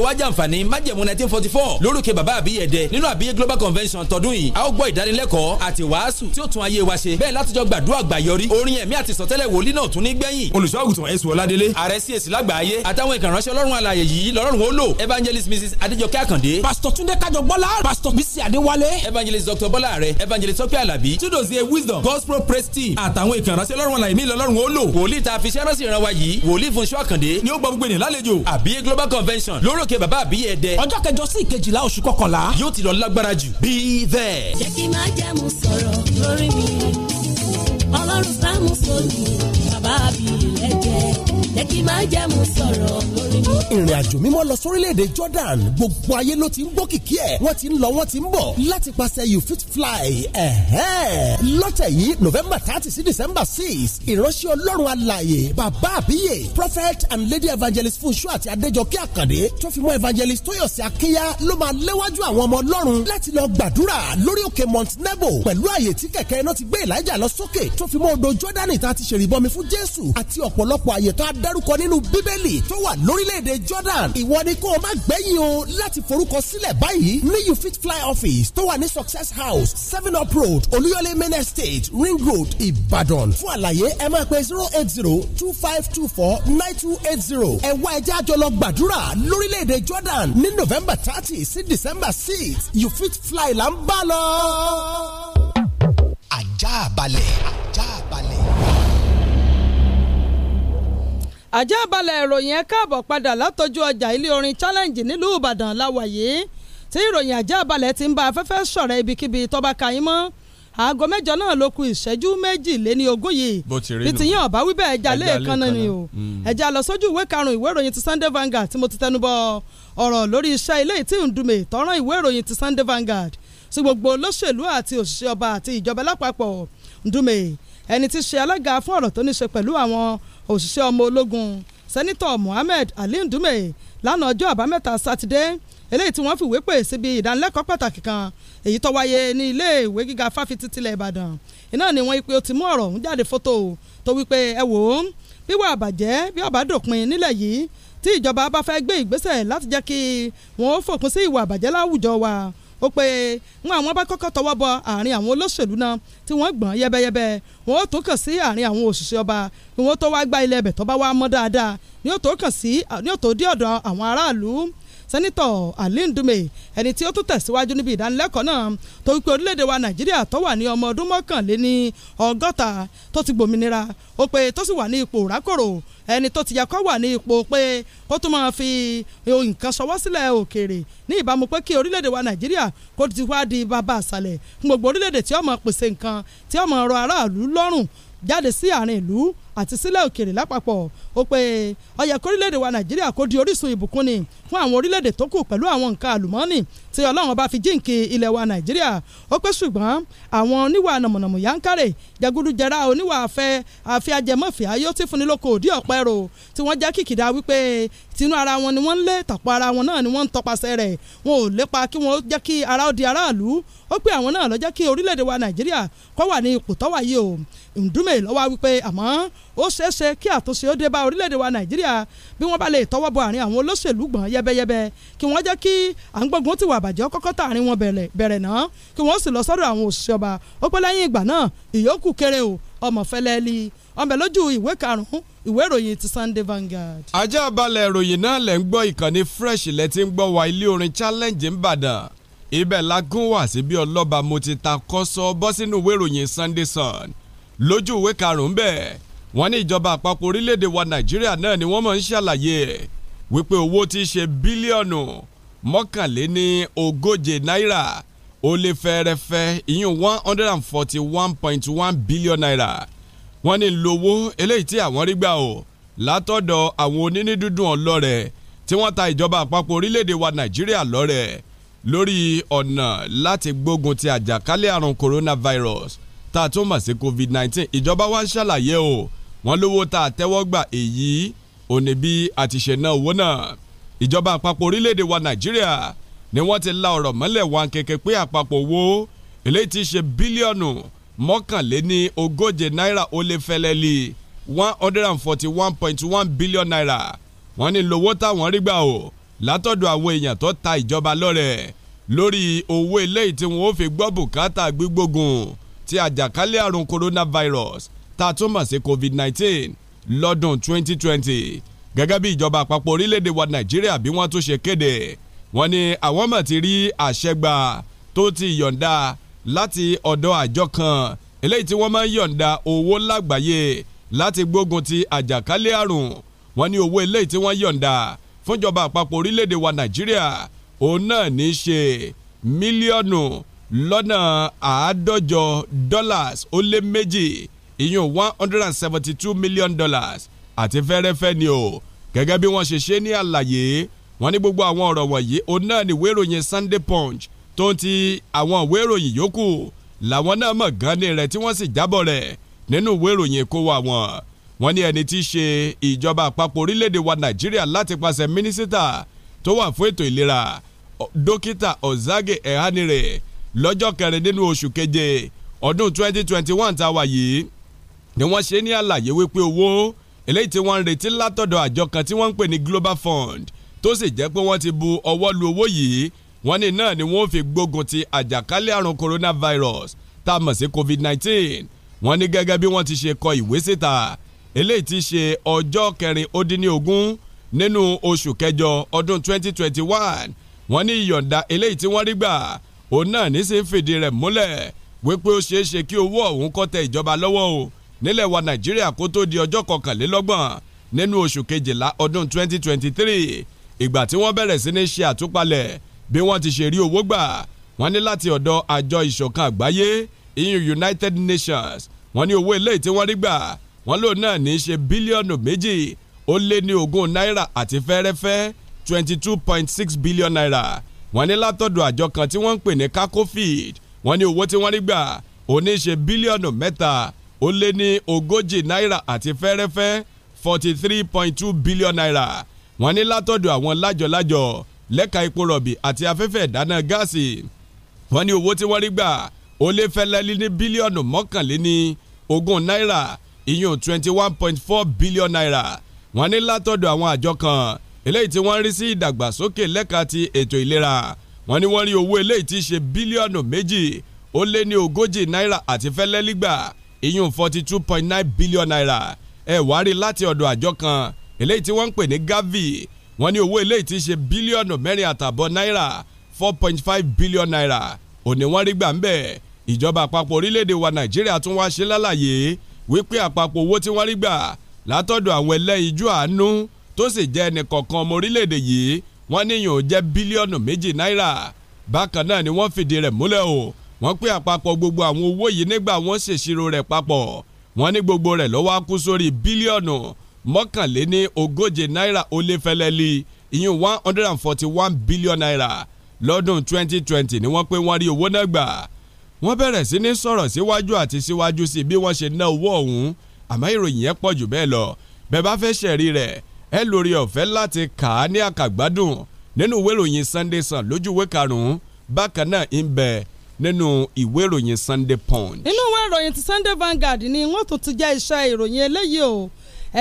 àgbáyé global convention tọdún yìí a ó gbọ́ ìdánilẹ́kọ̀ọ́ àti wàásù tí ó tún ayé wa ṣe bẹ́ẹ̀ látijọ́ gbàdúrà gbàyọrí orin ẹ̀mí àti sọtẹ́lẹ̀ wòlíì náà tún ní gbẹ̀yìn olùṣọ́àgùtàn ẹ̀sùn ọ̀ládélé ààrẹ CAC lágbàáyé àtàwọn ìkànránṣẹ́ ọlọ́run alàyè yìí lọ́rùn ó lò evangelist mrs adéjọkẹ́ àkàndé pastor túndé kájọgbọ́lá pastor bisi adéwálé evangelist dr bọ́lá àrẹ evangelist tọ́pẹ́ alábí chidozie wisdom gospel praise team àtàwọn ìkànránṣẹ́ ọlọ́run alàyè mi lọ́rùn ó lò wòlíì ta fi sẹ́rọ́sì ìran wa yìí wòlíì fúnṣọ́ àkàndé ni ó gbọ́ gbogbo ènìyàn lálejò àbíyé global convention lórókè bàbá àbíyé ẹ̀dẹ ọjọ́ kẹjọ sí ìkejìlá oṣù kọkànlá yóò ti lọ lágbára jù be there. jẹ́ kí má jẹ́ mu sọ̀rọ̀ lórí mi ọlọ́run sáà mú sóòlù bàbá àbí ilẹ̀ jẹ́ jẹ́ kí máa jẹ́ mu sọ̀rọ̀. ìrìn àjò mímọ́ lọ sórílẹ̀-èdè Jordan gbogbo ayé ló ti ń gbọ́ kìkì ẹ̀ wọ́n ti ń lọ wọ́n ti ń bọ̀ láti pàṣẹ you fit fly ẹ̀hẹ́n lọ́tẹ̀ yìí November thirty sí December six ìránṣẹ́ ọlọ́run alààyè bàbá àbíyè prophet and lady evangelist Fúnṣọ́ àti Adéjọkẹ́ Àkàndé tó fi mọ́ evangelist Tóyọ̀sí Akínyà ló máa léwájú àwọn ọmọ ọlọ́run láti lọ gbàdúrà lórí òkè Mount Nebo pẹ̀lú àyè tí kẹ̀kẹ́ iná ti gbé Èlíjà lọ sókè tó fi mọ́ odò Jordan tá a ti ṣèrìbọmi fún Jésù àti ọ̀pọ̀lọpọ̀ àyè tó a dárúkọ nínú bíbélì tó wà lórílẹ̀‐èdè Jordan ìwọ ni kó o má gbẹ̀yìn o láti forúkọ sílẹ̀ báyìí ní you fit fly office tó wà ní success house seven up road olúyọlé main estate ring road Ìbàdàn fún àlàyé ẹ máa pe zero eight zero two five two four nine two eight zero ẹ wá ẹjẹ́ àjọlọ gbàdúrà lórílẹ̀‐èdè Jordan ní November thirty sí December six you fit fly là ń bá lọ. ajá balẹ̀ ajá balẹ̀ àjẹbalẹ̀ ìròyìn ẹ káàbọ̀ padà látọjú ọjà ilé orin challenge nílùú ìbàdàn láwàyé tí ìròyìn àjẹbalẹ̀ ti ń bá afẹ́fẹ́ sọ̀rọ̀ ibikíbi tọ́ba kàyín mọ́ aago mẹ́jọ náà ló ku ìṣẹ́jú méjì lé ní ogún yìí bí wíbẹ̀ ẹja lẹ́ẹ̀kan náà ni o ẹja mm. lọ sójú ìwé karùn-ún ìwé ìròyìn ti Sunday Vanguard tí mo ti tẹnubọ ọ̀rọ̀ lórí iṣẹ́ ilé ìtì ndùmè tọ́rán ìwé ìròyìn ti Sunday Vanguard sí gbogbo olóṣèlú àti òṣìṣẹ́ ọba àti ìjọba lápapọ̀ ndùmè ẹni tí ṣe alága fún ọ̀rọ̀ tó ní ṣe pẹ̀lú àwọn òṣìṣẹ́ ọmọ ológun sẹ́nitọ̀ Mohammed Ali Ndume lánàá ọjọ́ àbámẹ́ta sátidé eléyìí tí wọ́n fìwé pè síbi ìdánilẹ́kọ̀ọ́ pàtàkì kan èyí tó wáyé ní ilé ìwé gíga fáfitì tilẹ̀ Ìbàdàn iná ni wọ́n ipe ó ti mú ọ̀rọ̀ ń jáde fótó tó wípé ẹ wò ó bíwọ́ àbàjẹ́ bí ọba dòpin nílẹ̀ yìí tí ìjọba bá fẹ́ gbé ìgbésẹ̀ láti jẹ́ kí wọ́n fòpin sí ìwà àbàjẹ́ láwùjọ wa ó pé wọn àwọn bá kọ́kọ́ tọwọ́ bọ àárín àwọn olóṣèlú náà tí wọ́n gbọ́n yẹ́bẹ́yẹ́bẹ́ wọn ó tó kàn sí àárín àwọn òṣìṣẹ́ ọba ni wọ́n tó wá gbá ilẹ̀ ẹ̀bẹ̀ tó bá wá mọ́ dáadáa ni ó tó kàn sí ni ó tó dé ọ̀dọ̀ àwọn aráàlú sẹ́nitọ̀ Ali Ndume ẹni tí ó tún tẹ̀síwájú níbi ìdánilẹ́kọ̀ọ́ náà tó wípé orílẹ̀-èdè wa Nàìjíríà tó wà ní ọmọ ọdún mọ́kànléní ọgọ́ta tó ti gbòmìnira ó pé tó sì wà ní ipò rákòrò ẹni tó ti yẹ kó wà ní ipò pé kó tún máa fi nǹkan ṣọwọ́ sílẹ̀ òkèèrè ní ìbámu pé kí orílẹ̀-èdè wa Nàìjíríà kó ti wá di bàbá àṣàlẹ̀ gbogbo orílẹ̀-èdè tí ó máa pèsè nǹkan tí ó máa rọ aráàlú lọ́rùn jáde sí àárín ìlú àti sílẹ̀ òkèrè lápapọ̀ ó pé ó yẹ kórílẹ̀ wa nàìjíríà kó di orísun ìbùkún ni fún àwọn orílẹ̀-èdè tó kù pẹ̀lú àwọn nǹkan àlùmọ́ọ́nì tí ọlọ́run bá fi jíǹkì ilẹ̀ wa nàìjíríà ó pé ṣùgbọ́n àwọn oníwà nàmọ̀nàmù yá ń kárẹ̀ jagudujẹra oníwà afẹ́ àfi ajẹmọ́fìá yóò ti fúnni lóko òdì ọ̀pẹ rò tí wọ́n já kìkìdá wípé tinú ara wọn ni wọ́n ń lé tàpọ̀ ara wọn náà ni wọ́n ń tọpasẹ̀ rẹ̀ wọn ò lépa kí wọ́n jẹ́ kí ara ó di aráàlú ó pé àwọn náà ló jẹ́ kí orílẹ̀-èdè wa nàìjíríà kó wà ní ipò tọ́wà yìí o Ndume lọ́wọ́ wípé àmọ́ ó ṣeéṣe kí àtúnṣe ó dé bá orílẹ̀-èdè wa Nàìjíríà bí wọ́n bá lè tọwọ́ bọ àárín àwọn olóṣèlú gbọ̀n yẹ́bẹ́yẹ́bẹ́ kí wọ́n jẹ́ kí à ń gbógun tiwa kọ́kọ́ tààrin wọn bẹ̀rẹ̀ náà kí wọ́n sì lọ sọ́dọ̀ àwọn òṣìṣẹ́ ọba ó pẹ́ lẹ́yìn ìgbà náà ìyókù kéré o ọmọ fẹlẹ́ li ọmọ lójú ìwé karùn-ún ìwé ìròyìn ti Sunday Vanguard. ajá balẹ̀ ìròyìn náà lẹ̀ ń gbọ́ ìkànnì fresh lẹ ti ń gbọ́ wa ilé orin challenge ńbàdàn ibẹ̀ la gún wá sí bí ọlọ́ba mo ti ta kọ́ sọ bọ́ sínú ìwé ìròyìn Sunday Sun lójú ìwé karùn-ún bẹ́ẹ̀ wọ́n ní ìjọba àpapọ̀ orílẹ̀-èdè wa nàìjíríà náà ni wọ́n mọ̀ ń ṣàlàyé wípé owó tí í ṣe bílíọ̀nù mọ́kànléní ogóje náírà ó lé fẹ́rẹ́fẹ́ ìyún one hundred and forty one point one billion naira wọ́n ní lówó eléyìí tí àwọn rí gbà o látọ̀dọ̀ àwọn onínídùúdùn ọlọ́rẹ̀ tí wọ́n ta ìjọba àpapọ̀ orílẹ̀-èdè wa nàìjíríà lọ́rẹ̀ lórí ọ̀nà láti gbógun ti àjàkálẹ̀ àrùn coronavirus tá a tún mọ̀ sí covid nineteen. ìjọba wa ń ṣàlàyé o wọ́n lówó tá a tẹ́wọ́ gbà èyí ò ní bí a ti ṣe ná owó náà ìjọba àpapọ̀ orílẹ̀-èdè wa Nàìjíríà ni wọ́n ti la ọ̀rọ̀ mọ́lẹ̀ wa kẹ̀kẹ́ pé àpapọ̀ owó eléyìí ti ṣe bílíọ̀nù mọ́kànléní ogóje náírà ó lé fẹ́lẹ́lì one hundred and forty one point one billion naira wọ́n ní lówó táwọn rí gbà o látọ̀dọ̀ àwọn èèyàn tó ta ìjọba lọ́rẹ̀ lórí owó eléyìí tí wọ́n ó fi gbọ́ bùkátà gbígbógun ti àjàkálẹ̀ àrùn coronavirus tá a mọ̀ sí covid-19 lọ́dún 2020 gẹ́gẹ́ bí ìjọba àpapọ̀ orílẹ̀-èdè wa nàìjíríà bí wọ́n tún ṣe kéde wọ́n ní àwọn mọ̀ ti rí àṣẹ gbà tó ti yọ̀ǹda láti ọ̀dọ̀ àjọ kan eléyìí tí wọ́n máa ń yọ̀ǹda owó lágbàáyé láti gbógun ti àjàkálẹ̀ àrùn wọ́n ní owó eléyìí tí wọ́n yọ̀ǹda fúnjọba àpapọ̀ orílẹ̀-èdè wa nàìjíríà òun náà ní í ṣe mílíọ̀nù lọ́nà àádọ́jọ dollars ó lé méjì ìyún one hundred and seventy two million dollars àti fẹ́rẹ́fẹ́ ni o gẹ́gẹ́ bí wọ́n ṣe ṣe ní àlàyé wọ́n ní gbogbo àwọn ọ̀rọ̀ wọ̀nyí òun náà ni ìwé ìròyìn Sunday Punch tó ń ti àwọn ìwé ìròyìn yòókù làwọn náà mọ̀ gan ni rẹ̀ tí wọ́n sì jábọ̀ rẹ̀ nínú ìwé ìròyìn kó wa wọn wọ́n ní ẹni tí í ṣe ìjọba àpapọ̀ orílẹ̀-èdè wa Nàìjíríà láti pàṣẹ mínísítà tó wà fún ètò ìlera dókítà Ọ̀zágè Ẹ̀hánirè lọ́jọ́ kẹrìndínlẹ́nu oṣù keje ọdún 2021 tá a wà yìí ni wọ́n ṣe ní àlàyé wípé owó eléyìí tí wọ́n ń retí látọ̀dọ̀ àjọ kan tí wọ́n ń pè ní Global Fund tó sì jẹ́ pé wọ́n ti bu ọwọ́ lu owó yìí wọ́n ní náà ni wọ́n fi gbógun ti àjàkálẹ̀ àrùn coronavirus tá a mọ̀ sí COVID-19 wọ́n ní gẹ́gẹ́ bí wọ́n ti ṣe kọ ìwé síta eléyìí ti ṣe ọjọ́ kẹrin ó dín ní ogún nínú oṣù kẹjọ ọdún 2021 wọ́n ní ìyọ̀ǹda eléyìí tí wọ́n rí gbà òun náà ní sí fìdí rẹ̀ múlẹ̀ wípé ó ṣeé ṣe kí owó ọ̀hún kó tẹ ìjọba lọ́wọ́ o nílẹ̀ wa nàìjíríà kó tó di ọjọ́ kọkànlélọ́gbọ̀n nínú oṣù kejìlá ọdún 2023 ìgbà tí wọ́n bẹ̀rẹ̀ sí ní ṣe àtúpalẹ̀ bí wọ́n ti ṣe rí owó gbà wọ́n ní láti ọ̀dọ̀ àjọ ìṣọ̀kan àgbáyé ìyún United Nations wọ́n ní owó eléyìí tí wọ́n rí gbà wọ́n lò náà ní í ṣe bílíọ̀nù méjì ó lé ní ogún náírà àti fẹ́rẹ́fẹ́ twenty two point billion naira wọ́n ní látọ̀dọ̀ àjọ kan tí wọ́n ń pè ní kakofid wọ́n ní owó tí wọ́n rí gbà ó ní ṣe bílíọ̀nù mẹ́ta ó lé ní ogójì náírà àti fẹ́rẹ́fẹ́ forty three point two billion naira wọ́n ní látọ̀dọ̀ àwọn lájọ̀lájọ̀ lẹ́ka epo rọ̀bì àti afẹ́fẹ́ ìdáná gáàsì wọ́n ní owó tí wọ́n rí gbà ó lé fẹ́lẹ́lí ní bílíọ̀nù mọ́kànléní ogún náírà ìyún twenty one point four billion naira wọ́n ní látọ̀dọ̀ àwọn àjọ kan eléyìí tí wọ́n rí sí ìdàgbàsókè lẹ́ka ti ètò ìlera wọ́n ní wọ́n rí owó eléyìí tí í ṣe bílíọ̀nù méjì ó lé ní ogójì náírà àti fẹ́lẹ́ lígbà ìyún forty two point nine billion naira ẹ̀ wá rí láti ọ̀dọ̀ àjọ kan eléyìí tí wọ́n ń pè ní Gavi wọ́n ní owó eléyìí tí í ṣe bílíọ̀nù mẹ́rin àtàbọ̀ náírà four point five billion naira òní wọ́n rí gbà ń bẹ̀ ìjọba àpapọ̀ orílẹ̀-èdè wa Nàìjíríà tún wá ṣe lálàyé wípé àpapọ̀ owó tí wọ́n rí gbà látọ̀dọ̀ àwọn ẹlẹ́yinjú àánú tó sì jẹ́ ẹnìkọ̀ọ̀kan ọmọ orílẹ̀-èdè yìí wọ́n níyàn ó jẹ́ bílíọ̀nù méjì náírà bákan náà ni wọ́n fìdí rẹ̀ múlẹ̀ o wọ́n pé àpapọ̀ gbogbo àwọn owó yìí nígbà wọ́n ṣèṣirò rẹ̀ papọ̀ wọ́n ní gbogbo rẹ̀ ló kú sórí bílíọ̀nù mọ́kànléní ogóje náírà ó lé fẹ́lẹ́lì ìyún one hundred and forty one billion naira lọ́dún twenty twenty ni wọ́n pé wọ́n rí owó náà gbà wọ́n bẹ̀rẹ̀ sí ní sọ̀rọ̀ síwájú àti síwájú sí bí wọ́n ṣe ná owó ọ̀hún àmọ́ ìròyìn yẹn pọ̀ jù bẹ́ẹ̀ lọ bẹ́ẹ̀ bá fẹ́ ṣẹ̀rí rẹ̀ ẹ lórí ọ̀fẹ́ láti kà á ní àkàgbádùn nínú ìwé ìròyìn Sunday Sun lójú ìwé karùn-ún bákan náà ń bẹ nínú ìwé ìròyìn Sunday Punch. nínú ìwé ìròyìn ti Sunday Vanguard ni wọ́n tún ti jẹ́ iṣẹ́ ìròyìn eléyìí o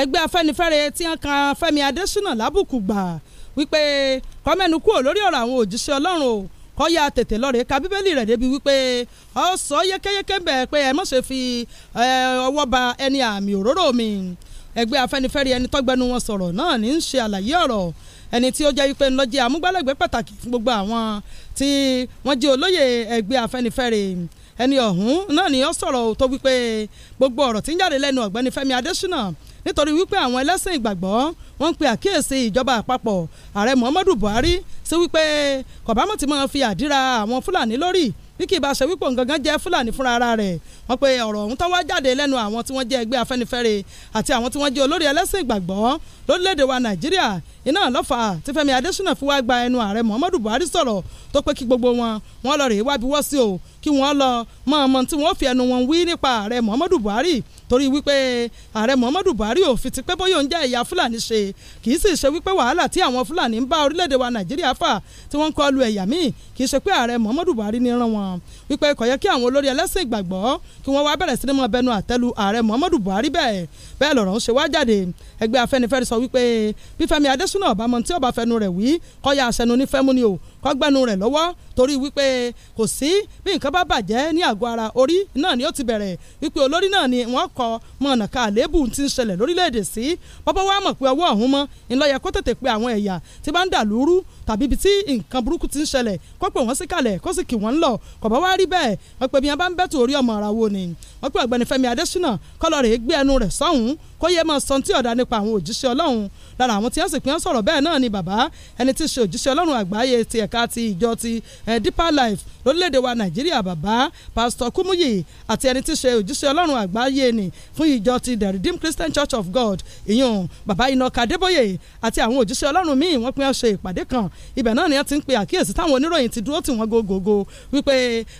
ẹgbẹ́ afẹ́nifẹ́re tí wọ́n kan Fẹ́mi Adésínà lábùkù gbà wípé kọ́mẹ́nu kúrò lórí ọ̀rọ̀ àwọn òjíṣẹ́ Ọlọ́run o kọ́yà tètè lọ́ọ̀rẹ́ ka bíbélì rẹ̀ débi wípé ọ sọ yékéyéké bẹ̀ pé ẹ má ṣe fi ọwọ́ ba ẹni àmì òróró mi ẹgbẹ́ afẹ́nifẹ́re ẹni tọ́gbẹ́nu wọn sọ̀rọ̀ náà ní ń ṣe àlàyé ọ̀rọ̀ ẹni tí ó jẹ́ wípé ńlọ́jẹ́ amúgbálẹ́gbẹ́ pàtàkì fún gbogbo àwọn tí wọ́n jẹ́ olóyè ẹgbẹ́ afẹ́nifẹ́re ẹni ọ̀hún náà ni ó sọ̀rọ̀ tó wípé gbogbo ọ̀rọ̀ tí ń jáde lẹ́nu ọ̀gbẹ́ni Fẹ́mi Adésínà nítorí wípé àwọn ẹlẹ́sìn ìgbàgbọ́ wọ́n ń pe àkíyèsí ìjọba àpapọ̀ ààrẹ Muhammadu Buhari sí wípé kọ̀bámọ̀ ti máa fi àdíra àwọn Fúlàní lórí bí kì í bá ṣe wípé ngangan jẹ́ fúlàní fúnra ara rẹ̀ wọ́n pe ọ̀rọ̀ ọ̀hún tán wá jáde lẹ́nu àwọn tí wọ́n jẹ́ ẹgbẹ́ afẹ́nifẹ́re àti àwọn tí wọ́n jẹ́ olórí ẹlẹ́sìn ìgbàgbọ́ lórílẹ̀‐èdè wa nàìjíríà iná lọ́fà tí fẹ́mi adésínà fi wá gba ẹnu ààrẹ muhammadu buhari sọ̀rọ̀ tó pé kí gbogbo wọn wọn lọ rèé wábi wọ́ sí o kí wọ́n lọ mọ̀ọ́mọ́ tí wọ́n fi ẹnu wọn wí nípa ààrẹ Muhammadu Buhari torí wípé ààrẹ Muhammadu Buhari ò fi ti pé bóyá òun jẹ́ ẹ̀yà Fúlàní ṣe kì í sì ṣe wípé wàhálà tí àwọn Fúlàní ń bá orílẹ̀-èdè wa Nàìjíríà fà tí wọ́n ń kọ́ lu ẹ̀yà míì kì í ṣe pé ààrẹ Muhammadu Buhari ní ràn wọ́n wípé kò yẹ kí àwọn olórí ẹlẹ́sìn ìgbàgbọ́ kí wọ́n wá bẹ̀rẹ̀ sí ní mọ bẹnu àtẹ́lu ààrẹ Muhammadu Buhari bẹ́ẹ̀ bẹ́ẹ̀ lọ̀rọ̀ ń ṣe wá jáde ẹgbẹ́ afẹ́nifẹ́re sọ wípé bí Fẹ́mi Adésúná ọ̀bámọ tí ọba fẹnu rẹ̀ wí kọ́ya àṣẹnu ní fẹ́mu ni o kọ́gbẹ́nu rẹ̀ lọ́wọ́ torí wípé kò sí bí nǹkan bá bàjẹ́ ní àgọ́ ara orí náà ni ó ti bẹ̀rẹ̀ wípé olórí náà ni wọ́n kọ mọ̀nà ká àléébù ti ń ṣẹlẹ̀ lórílẹ̀‐èdè sí bọ́bá wa mọ̀ pé ọwọ́ ọ̀hún mọ́ ńlọ yẹ kó tètè pe àwọn ẹ̀yà tí bá ń dà lúrú tàbí ibi tí nǹkan burúkú ti ń ṣẹlẹ̀ kó pè wọ́n sí kalẹ̀ kó sì kì wọ́n lọ kò bá wá rí bẹ́ẹ̀ wọ́n pè bí wọ́n bá ń bẹ̀tù orí ọmọ ara wo ni wọ́n pè ọ̀gbẹ́ni Fẹ́mi Adésínà kọ́lọ́ rèé gbé ẹnu rẹ̀ sọ́hún kó yẹ máa sọ tí ọ̀dà nípa àwọn òjíṣẹ́ Ọlọ́run lára àwọn tí wọ́n sì pín ọ́n sọ̀rọ̀ bẹ́ẹ̀ náà ni bàbá ẹni tí í ṣe òjíṣẹ́ Ọlọ́run àgbáyé ti ẹ̀ka ti ìjọ ti eh, Deeper Life lórílẹ̀‐èdè wa nàìjíríà bàbá pásítọ̀ kúmúyì àti ẹni tí ṣe òjíṣẹ́ ọlọ́run àgbáyé ni fún ìjọ ti the redeemed christian church of god ìyún bàbá ìnàkà adébóyè àti àwọn òjíṣẹ́ ọlọ́run míì wọ́n pín ọ̀ṣẹ́ ìpàdé kan ibẹ̀ náà ni wọ́n ti ń pe àkíyèsí táwọn oníròyìn ti dúró tì wọ́n gogogo wípé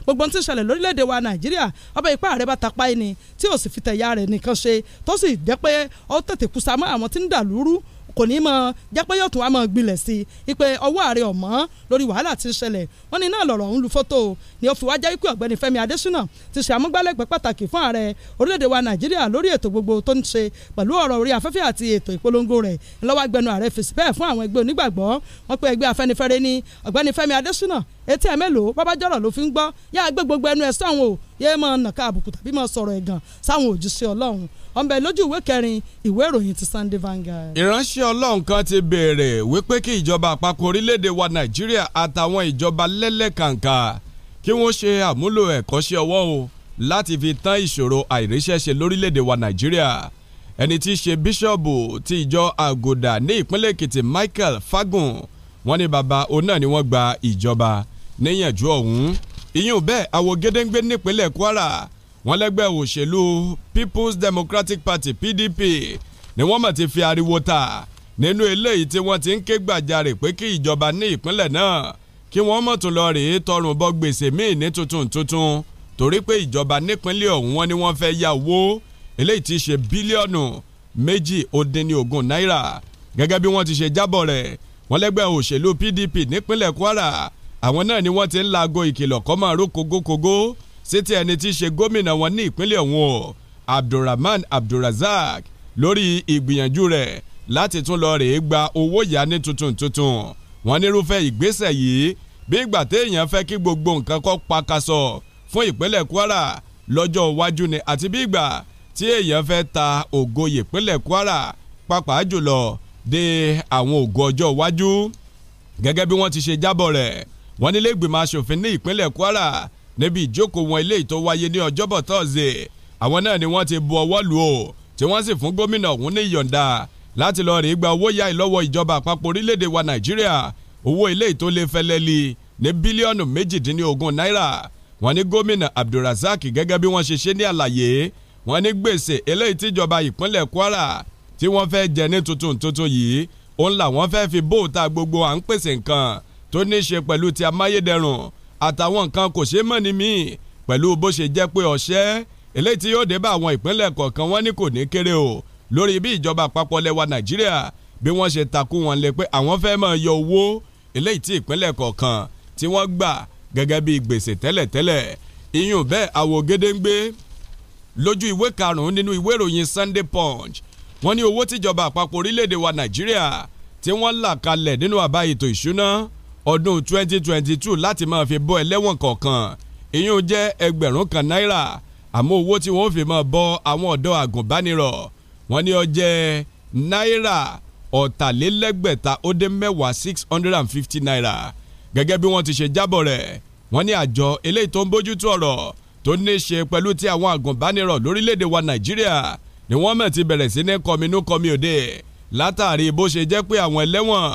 gbogbo ohun tí ń ṣẹlẹ̀ lórílẹ̀‐èdè wa nàìjíríà ọbẹ̀ ipá rẹ̀ bá tapa ẹni tí ò sì fi tẹ̀yà rẹ̀ nìkan ṣe tó sì jẹ́ pé ó tètè kùsà mọ́ àwọn tí ń dàlúrú kò ní mọ jẹ́ pé yóò tún wá mọ gbilẹ̀ sí i pé ọwọ́ ààrẹ ọ̀mọ́ lórí wàhálà ti ṣẹlẹ̀ wọ́n ní náà lọ̀rọ̀ ọ̀hún lu fọ́tò ni ó fi wá jẹ́ wípé ọ̀gbẹ́ni Fẹ́mi Adésínà ti ṣe amúgbálẹ́gbẹ́ pàtàkì fún ààrẹ orílẹ̀-èdè wa Nàìjíríà lórí ètò gbogbo tó ń ṣe pẹ̀lú ọ̀rọ̀ orí afẹ́fẹ́ àti ètò ìpolongo rẹ̀ lọ́wọ́ agbẹnu ààrẹ fèsì bẹ́ẹ̀ fún àwọn ẹgbẹ́ onígbàgbọ́ wọn pé ẹgbẹ́ Afẹ́nifẹ́re ni ọ̀gbẹ́ni Fẹ́mi Adésínà etí ẹ̀ mélòó bábájọ́rọ̀ ló fi ń gbọ́ yá gbé gbogbo ẹnu ẹ̀ sọ̀hún o yéé máa nàka àbùkù tàbí máa sọ̀rọ̀ ẹ̀gàn sáwọn òjíṣẹ́ ọlọ́run ọ̀nbẹ lójú ìwé kẹrin ìwé ìròyìn ti Sunday Vanguard. ìránṣẹ́ ọlọ́run kan ti béèrè wípé kí ìjọba àpapọ̀ orílẹ̀-èdè wa Nàìjíríà àtàwọn ìjọba lẹ́lẹ́kàǹkà kí wọ́n ṣe àmúlò ẹ̀kọ́ṣẹ́ ọwọ́ o láti fi tán ìṣòro àìríṣẹ́ṣe lórílẹ̀-èdè wa Nàìjíríà ẹni tí ti ìjọ àgòdà ní ìpínlẹ̀ Michael Fagun wọ́n ní ni wọ́n gba ìjọba níyànjú ìyún bẹ́ẹ̀ àwọ̀ gédéǹgbé nípínlẹ̀ Kwara wọn lẹ́gbẹ́ òṣèlú People's Democratic Party PDP ni wọ́n mọ̀ ti fi ariwo ta nínú eléyìí tí wọ́n ti ń ké gbàjarè pé kí ìjọba ní ìpínlẹ̀ náà kí wọ́n mọ̀ tó lọ rèé tọrùn bọ gbèsè míì ní tuntun tuntun torí pé ìjọba nípínlẹ̀ ọ̀hún wọn ni wọ́n fẹ́ yá owó eléyìí ti ṣe bílíọ̀nù méjì ó dín ní ogún náírà gẹ́gẹ́ bí wọ́n ti ṣe jábọ̀ rẹ̀ wọ́n lẹ́gbẹ́ òṣèlú PDP nípínlẹ̀ Kwara àwọn náà ni wọ́n ti ń laago ìkìlọ̀ kọ́ máa ró kogókogó sétí ẹni tí í ṣe gómìnà wọn ní ìpínlẹ̀ ọ̀hún o Abdulrahman Abdulrazak lórí ìgbìyànjú rẹ̀ láti tún lọ rèé gba owó yá ní tuntun tuntun wọn nírúfẹ́ ìgbésẹ̀ yìí bí ìgbà téèyàn fẹ́ kí gbogbo nǹkan kó pakasọ fún ìpínlẹ̀ Kwara lọ́jọ́ iwájú ni àti bí ìgbà tí èèyàn fẹ́ ta ògo ìpínlẹ̀ Kwara pàápàá jùlọ de àwọn ògo ọjọ́ iwájú gẹ́gẹ́ bí wọ́n ti ṣe jábọ̀ rẹ̀ wọ́n nílé ìgbìmọ̀ asòfin ní ìpínlẹ̀ Kwara níbi ìjókòó wọn ilé ìtò wáyé ní ọjọ́bọ̀ tọ́sídẹ̀ẹ́ àwọn náà ni wọ́n ti bu ọwọ́ lù ó tí wọ́n sì fún gómìnà ọ̀hún ní ìyọ̀ǹda láti lọ rí gba owó yá ìlọ́wọ́ ìjọba àpapọ̀ orílẹ̀-èdè wa Nàìjíríà owó ilé ìtò lè fẹlẹ́ li ní bílíọ̀nù méjìdínlógún náírà wọ́n ní gómìnà Abdulrasaq gẹ́gẹ́ bí wọ́n ṣe ṣe ní àlàyé wọ́n ní gbèsè eléyìí tíjọba ìpínlẹ̀ Kwara tí wọ́n fẹ́ jẹ ní tuntun tuntun yìí òun làwọn fẹ́ fi bóòta gbogbo à ń pèsè nǹkan tó ní í ṣe pẹ̀lú ti amáyédẹrùn àtàwọn nǹkan kò ṣeé mọ̀ ní míì pẹ̀lú bó ṣe jẹ́ pé ọ̀ṣẹ́ eléyìí tí yóò dé bá àwọn ìpínlẹ̀ kọ̀ọ̀kan wọn ní kò ní kéré o lórí bí ìjọba àpapọ̀ lẹwa Nàìjíríà bí wọ́n ṣe takú wọn lé pé àwọn fẹ́ máa yọ owó eléyìí tí ìpínlẹ̀ kọ̀ọ̀kan tí wọ́n gbà gẹ́gẹ́ bí gbèsè tẹ́lẹ̀tẹ́lẹ̀ iyùn bẹ́ẹ̀ àwògedengbe lójú ìwé karùn-ún nínú ìwé ìròyìn Sunday Punch wọ́n ní owó tíjọba àpapọ̀ orílẹ̀-èdè wa Nàìjíríà tí wọ́n là kalẹ̀ nínú àbá ètò ìṣúná ọdún 2022 láti máa fi bọ́ ẹlẹ́wọ̀n kọ̀ọ̀kan ìyún jẹ́ ẹgbẹ̀rún kan náírà àmọ́ owó tí wọ́n fi máa bọ́ àwọn ọ̀dọ́ àgùnbánirọ̀ wọ́n ní ó jẹ́ náírà ọ̀tàlélẹ́gbẹ̀ta ó dé mẹ́wàá six hundred and fifty naira gẹ́gẹ́ bí wọ́n ti ṣe jábọ̀ rẹ̀ wọ́n ní àjọ eléyìí tó ń bójútó ọ̀rọ̀ tó ní ṣe pẹ̀lú ti àwọn àgùnbánirọ̀ lórílẹ̀‐èdè wa Nàìjíríà ni wọ́n mọ̀ ti bẹ̀rẹ̀ sí ní kọminú kọmi òde látàrí bó ṣe jẹ́ pé àwọn ẹlẹ́wọ̀n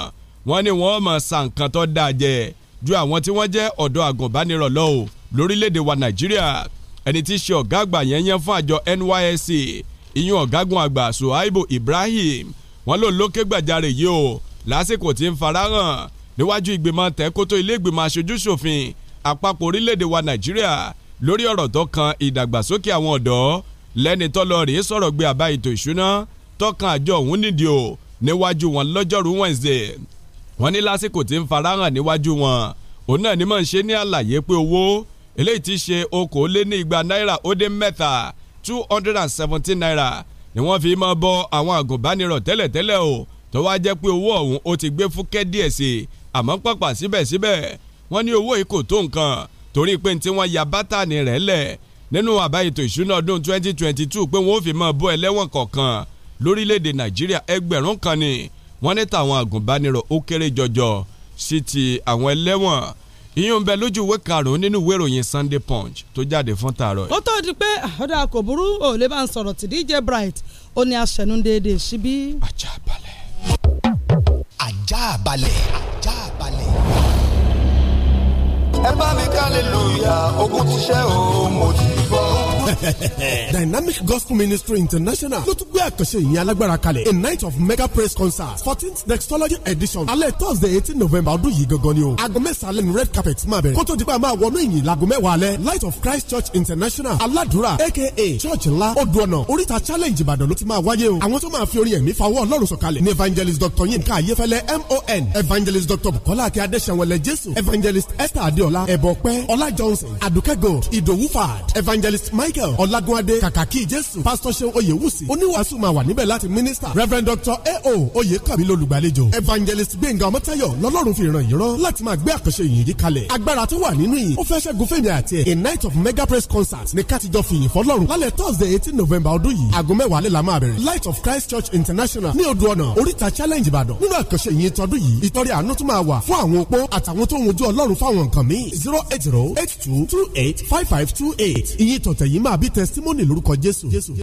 wọ́n ní wọ́n máa sa nǹkan tó dáa jẹ ju àwọn tí wọ́n jẹ́ ọ̀dọ́ àgùnbánirọ̀ lọ o lórílẹ̀‐èdè wa nàìjíríà ẹni tí í ṣe ọ̀gá àgbà yẹn yẹn fún àjọ NYSC ìyún ọ̀gágun àgbà Suhaibu Ibrahim wọ́n ló lókè gbàjarè yìí o lásìkò tí ń farahàn níwájú ìgbìmọ̀ tẹ́kótó ilé ìgbìmọ̀ aṣojúṣòfin àpapọ̀ orílẹ̀‐èdè wa nàìjíríà lórí ọ̀rọ̀ tó kan ìdàgbàsókè àwọn ọ̀dọ́ lẹ́ni tọ́lọ rèé sọ̀rọ̀ gbé àbá ètò ìṣúná tọ́kan àjọ òun nídìí o níwájú wọn lọ́jọ́rú Wednesday wọ́n ní lásìkò tí ń farahàn níwájú wọn òun náà ni mọ̀ ń ṣe ní àlàyé pé owó eléyìí ti ṣe okòólénígba náírà ó dé mẹ́ta two hundred and seventeen naira ni wọ́n fi máa bọ àwọn àgùnbánirọ̀ tẹ́lẹ̀tẹ́lẹ̀ o tó wá jẹ́ pé owó ọ̀hún ó ti gbé fúkẹ́ díẹ̀ sí i àmọ́ pàpà síbẹ̀síbẹ̀ wọ́n ní owó yìí kò tó nǹkan torí pé tí wọ́n ya bátànì rẹ̀ lẹ̀ nínú àbá ètò ìṣúná ọdún 2022 pé wọ́n ó fi máa bọ́ ẹlẹ́wọ̀n kọ̀ọ̀kan lórílẹ̀‐èdè nàìjíríà ẹgbẹ̀rún kan ni wọ́n ní tàwọn àgùnbánirọ̀ ó kéré jọjọ sí ti àwọn ẹlẹ́wọ̀n ìyẹn bẹ lójú ìwé karùnún nínú ìwé ìròyìn Sunday Punch tó jáde fún tààrọ. ó tó di pé ọ̀dà kò burú ò bá ń sọ̀rọ̀ tí DJ Bright ó ní aṣẹ́nu déédéé síbí. ajá balẹ̀. ajá balẹ̀. ajá balẹ̀. ẹ bá mi ká lè lùyà ogun ti ṣẹ́ o mo ti gbọ́. Dynamic Gospel Ministry International ló tún gbé àkànṣe ìyẹn alágbára kalẹ̀ a night of mega praise concert fourteenth Nextology edition alẹ́ Thursday eighteen November ọdún yìí gangan ni o. Aago mẹ́sàn-án lẹ́nu red carpet máa bẹ̀rẹ̀. Kótó dípẹ́ máa wọnú ìyìn láago mẹ́wàá alẹ́ Light of Christ Church International Aládùúrà aka Church ńlá Odùọ̀nà Oríta Challenge Ìbàdàn ló ti máa wáyé o. Àwọn tó máa fi orin ẹ̀mí fa ọwọ́ Ọlọ́run sọ̀kalẹ̀ ni evangelist Dr. Yinka Ayefẹ́lẹ́ MON evangelist Dr. Bukola Akin Adéṣẹ́wọlẹ̀ Jésù evangelist Esther Adéọlá Ẹ̀bọ̀pẹ́ Ọlá Johnson Adùkẹ́ Gold Ìdòwú Fad evangelist Mike michael ọlágúnadé kàkàkí jésù pásítọ̀ ṣe oyèwùsì oníwàásù máa wà níbẹ̀ láti mínísítà reverend doctor ao oyèkànmí lolùgbàlejò evangelist gbẹ̀ngà ọmọ́táyọ̀ lọ́lọ́run fi ràn yín rán láti máa gbé àkànṣe yìí yí kalẹ̀ agbára tó wà nínú yìí ó fẹ́ ṣẹ́gun fèmí àti ẹ̀ a night of mega praise concert ní kátijọ́ fìyìn fọlọ́run lálẹ́ thursday 18 november ọdún yìí aago mẹ́wàá light of christ church international ní odò ọ̀nà oríta challenge ìbàdàn nínú àkànṣe yìí tọdún yìí ìtọ́rí àánú tún máa wà fún àwọn opó àtàwọn zero eight zero eight two two eight five five two eight ìyìn tọ̀tẹ̀ yìí máa bí testimony lórúkọ Jésù.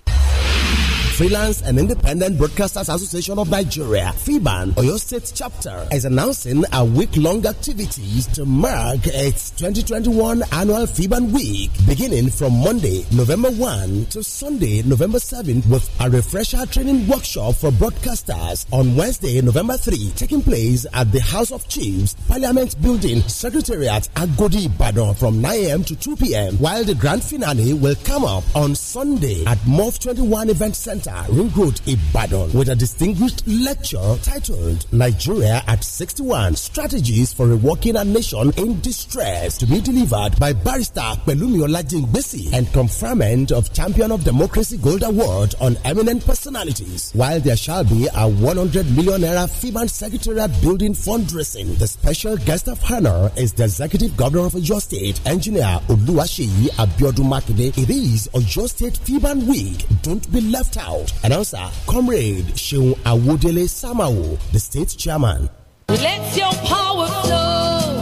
Freelance and Independent Broadcasters Association of Nigeria, FIBAN, Oyo State Chapter, is announcing a week long activities to mark its 2021 annual FIBAN Week, beginning from Monday, November 1 to Sunday, November 7, with a refresher training workshop for broadcasters on Wednesday, November 3, taking place at the House of Chiefs, Parliament Building, Secretariat, Agodi, Badon from 9 a.m. to 2 p.m., while the grand finale will come up on Sunday at MOV 21 Event Center. Center, Ring Road, Ibadan, with a distinguished lecture titled Nigeria at 61 Strategies for Reworking a Nation in Distress, to be delivered by Barrister Pelumi Olajingbesi and conferment of Champion of Democracy Gold Award on Eminent Personalities. While there shall be a 100 million naira FIBAN Secretariat Building fundraising, the special guest of honor is the Executive Governor of Oyo State, Engineer Oluwaseyi Abiodun Makinde. It is Oyo State FIBAN Week. Don't be left out. Announcer Comrade Sheung Awodele Samao, the state chairman. Let your power flow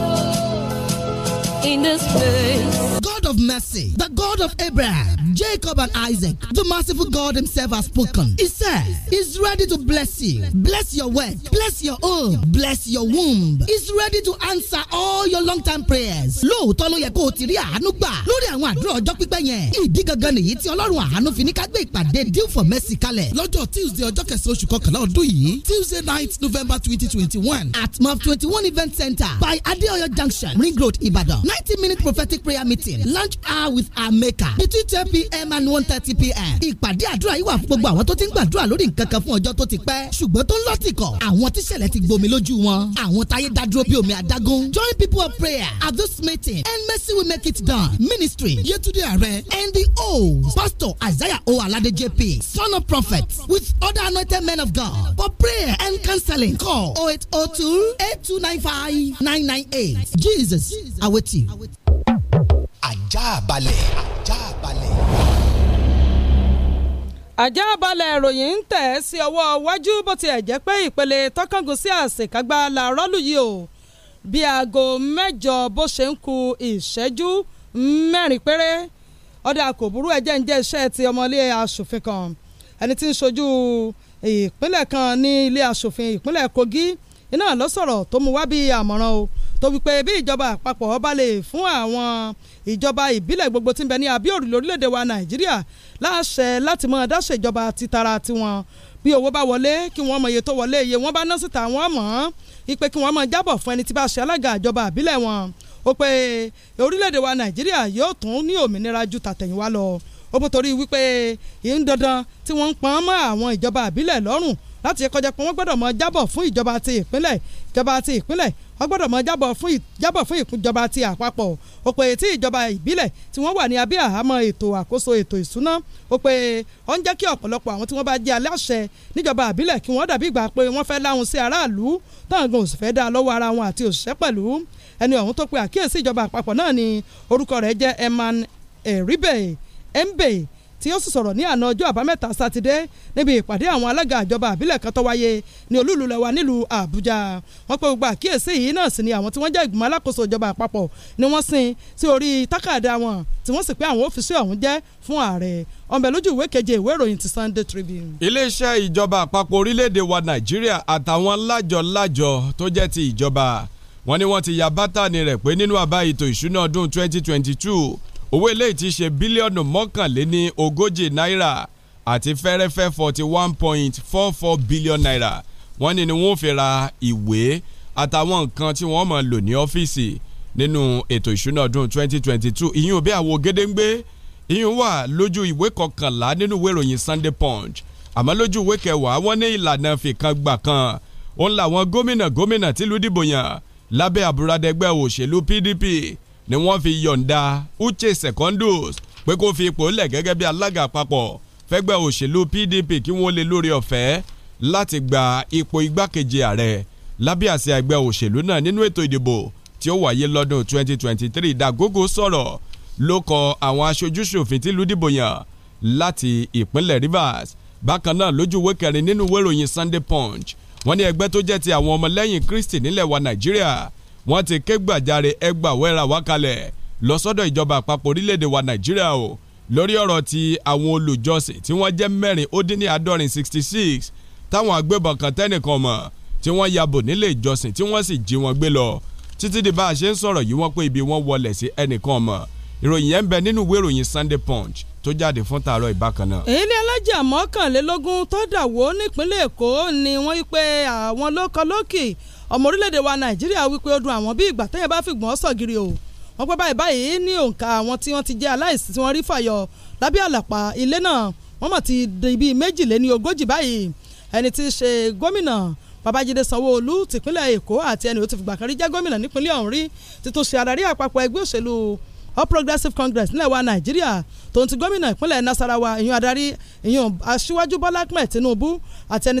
in this place. God of mercy, the God of Abraham, Jacob, and Isaac, the merciful God Himself has spoken. He says He's ready to bless you, bless your work, bless your home, bless your womb. He's ready to answer all your long time prayers. Lóòótọ́ ló yẹ kó o ti rí àánú gbà lórí àwọn àdúrà ọjọ́ pípẹ́ yẹn. Ìdí gangan nìyí tí Ọlọ́run àánú fi ní ká gbé ìpàdé deal for mercy kalẹ̀. Lọ́jọ́ Tuesday ọjọ́ kẹsàn-án oṣù kọkànlá ọdún yìí Tuesday night November twenty twenty one at MOV twenty one event center by Adeoyo junction Ring Road Ibadan ninety minute prophetic prayer meeting lunch hour with our maker between ten pm and one thirty pm. ìpàdé àdúrà yìí wà fún gbogbo àwọn tó ti ń gbàdúrà lórí nǹkan kan fún ọjọ́ tó ti pẹ́ ṣùgbọ́n tó ń lọ́tìkọ̀ àwọn tíṣẹ̀lẹ̀ ti gbomi lójú wọn àwọn táyé dádúró bí omi adágún. join people of prayer at this meeting and mercy will make it done ministry yetunde ààrẹ NDO pastor Isaiah O Alade JP son of prophet with other anointed men of God for prayer and counseling call 0802 8295 998 Jesus, Jesus. I wait you àjàbalẹ̀. àjàbalẹ̀. àjàbalẹ̀ ìròyìn ń tẹ̀ sí ọwọ́ iwájú bó tiẹ̀ jẹ́ pé ìpele tọ́kàngún sí àṣekágbá làárọ̀ lù yìí o bí aago mẹ́jọ bó ṣe ń ku ìṣẹ́jú mẹ́rin péré ọ̀dà kò burú ẹ̀jẹ̀ ń jẹ́ iṣẹ́ ti ọmọlé aṣòfin kan ẹni tí ń ṣojú ìpínlẹ̀ kan ní ilé aṣòfin ìpínlẹ̀ Kogi iná lọ sọ̀rọ̀ tó mú wá bí àmọ̀ràn o tó wípé bí ìjọba àpapọ̀ ọba lè fún àwọn ìjọba ìbílẹ̀ gbogbo tí ń bẹ ní abíòrì lórílẹ̀‐èdè wa nàìjíríà láṣẹ láti mọ dáṣẹ ìjọba titara tiwọn bí owó bá wọlé kí wọ́n mọ iye tó wọlé iye wọ́n bá ná síta wọ́n mọ̀ ọ́n ipe kí wọ́n mọ jábọ̀ fún ẹni tí bá ṣe alága ìjọba ìbílẹ̀ wọn ó pé orílẹ̀‐èdè wa nàìjíríà yóò tún ní òmìnira ju tàtẹ̀yìnwá lọ ó bó torí wípé ìyẹn dandan tí wọ́n ń pọ́n mọ́ àwọn ìjọba ìbílẹ̀ lọ́rùn láti ṣe kọjá pé wọ́n gbọ́dọ̀ mọ jábọ̀ fún ìjọba ti ìpínlẹ̀ ìjọba ti ìpínlẹ̀ wọ́n gbọ́dọ̀ mọ jábọ̀ fún jábọ̀ fún ìjọba ti àpapọ̀ ó pé tí ìjọba ìbílẹ̀ tí wọ́n wà ní abẹ́ àhámọ́ ètò àkóso ètò ìsúná ó pé ó ń jẹ́ kí ọ̀pọ̀lọpọ̀ àwọn tí wọ́n bá jẹ́ aláṣẹ níjọba ìbílẹ̀ kí wọ́n dàbí ìgbà pé wọ́n fẹ́ láhùn sí aráàlú táwọn òsì fẹ́ dá lọ́wọ́ ara wọn àti òṣìṣẹ́ pẹ̀lú ẹni ọ̀hún tó pe àkíyèsí ìjọba àpapọ̀ náà ni orúkọ rẹ̀ jẹ́ Eman Eribe Embe tí ó sì sọ̀rọ̀ ní àná ọjọ́ àbámẹ́ta sátidé níbi ìpàdé àwọn alága ìjọba àbílẹ̀ kan tó wáyé ní olúùlú lẹwa nílùú àbújá wọ́n pé gbogbo àkíyèsí yìí náà sì ni àwọn tí wọ́n jẹ́ ìgbìmọ̀ alákòóso ìjọba àpapọ̀ ni wọ́n sin sí orí tákàdá wọn tí wọ́n sì pé àwọn ọ́fíìsì ọ̀hún jẹ́ fún ààrẹ ọ̀nbẹ lójú ìwé keje ìwé ìròyìn ti Sunday Tribune. iléeṣẹ́ ìjọba àpapọ̀ orílẹ̀-èdè wa nàìjíríà àtàwọn lájọ-lájọ tó jẹ́ ti ìjọba wọ́n ní wọ́n ti ya bátànì rẹ̀ pé nínú àbá ètò ìsúná ọdún 2022 owó eléyìí ti ṣe bílíọ̀nù mọ́kànléní ogójì náírà àti fẹ́rẹ́fẹ́ forty one point four four billion naira wọ́n ní ni wọ́n fi ra ìwé àtàwọn nǹkan tí wọ́n máa lò ní ọ́fíìsì nínú ètò ìṣúná ọdún twenty twenty two ìyún bí àwo gédéǹgbé ìyún wà lójú ìwé kọkànlá nínú ìwé ìròyìn Sunday Punch àmọ́ lójú ìwé kẹwàá wọ́n ní ìlànà fìkan gbà kan òun làwọn gómìnà gómìnà tìlú dìbò yàn lábẹ́ àbúradẹgbẹ́ òṣèlú PDP ni wọ́n fi yọ̀ǹda Uche Secondus pé kó fi ipò lẹ̀ gẹ́gẹ́ bí alága àpapọ̀ fẹ́gbẹ́ òṣèlú PDP kí wọ́n lè lórí ọ̀fẹ́ láti gba ipò igbákejì ààrẹ lábẹ́ àsíá ẹgbẹ́ òṣèlú náà nínú ètò ìdìbò tí ó wáyé lọ́dún 2023 Dagogo sọ̀rọ̀ ló kọ àwọn aṣojúṣòfin tìlú dìbò yàn láti ìpínlẹ̀ Rivers bákan náà lójú ìwé kẹrin nínú ìwé ìròyìn Sunday Punch wọ́n ní ẹgbẹ́ tó jẹ́ ti àwọn ọmọlẹ́yìn Kristi nílẹ̀ wa Nàìjíríà wọ́n ti ké gbàjarè ẹgbà wẹ́ra wákàlẹ̀ lọ sọ́dọ̀ ìjọba àpapọ̀ orílẹ̀-èdè wa nàìjíríà o lórí ọ̀rọ̀ ti àwọn olùjọsìn tí wọ́n jẹ́ mẹ́rin ó dín ní àádọ́rin sixty six táwọn agbébọn kan tẹ́nìkan mọ̀ tí wọ́n ya bò nílé ìjọsìn tí wọ́n sì jí wọn gbé lọ títí di bá a ṣe ń sọ̀rọ̀ yìí wọ́n pé ibi wọ́n wọlé sí ẹnìkan mọ̀ ìròyìn yẹn ń bẹ nínú ìwé ìròyìn Sunday Punch tó jáde fún tààrọ̀ ìbákan náà. ilé alájà mọ́kànlélógún tó dà wó nípínlẹ̀ Èkó ni wọ́n wí pé àwọn lókọ́lókì ọmọ orílẹ̀-èdè wa nàìjíríà wípé ó dùn àwọn bí ìgbà tẹ́yẹ bá fìgbọ́n sọ̀gìrì o wọ́n pẹ́ báyìí báyìí ní òǹkà àwọn tí wọ́n ti jẹ́ aláìsí tí wọ́n rí fàyọ lábẹ́ àlàpà ilé náà wọ́n mọ̀ ti di bíi méjìléní ogójì báyìí ẹni tí í ṣe gómìnà babájídé sanwó-olu tìpínlẹ̀ èkó àti ẹni ó ti fìgbà kan rí jẹ́ gómìnà nípínlẹ̀ ọ̀hún rí ti tún ṣe adarí àpapọ̀ ẹgbẹ́ òṣèlú all progressives congress nílẹ̀ wa nàìjíríà tòun ti gómìnà ìpínlẹ̀ nasarawa ìyún adarí ìyún aṣíwájú bọ́lá ahmed tinubu àti ẹni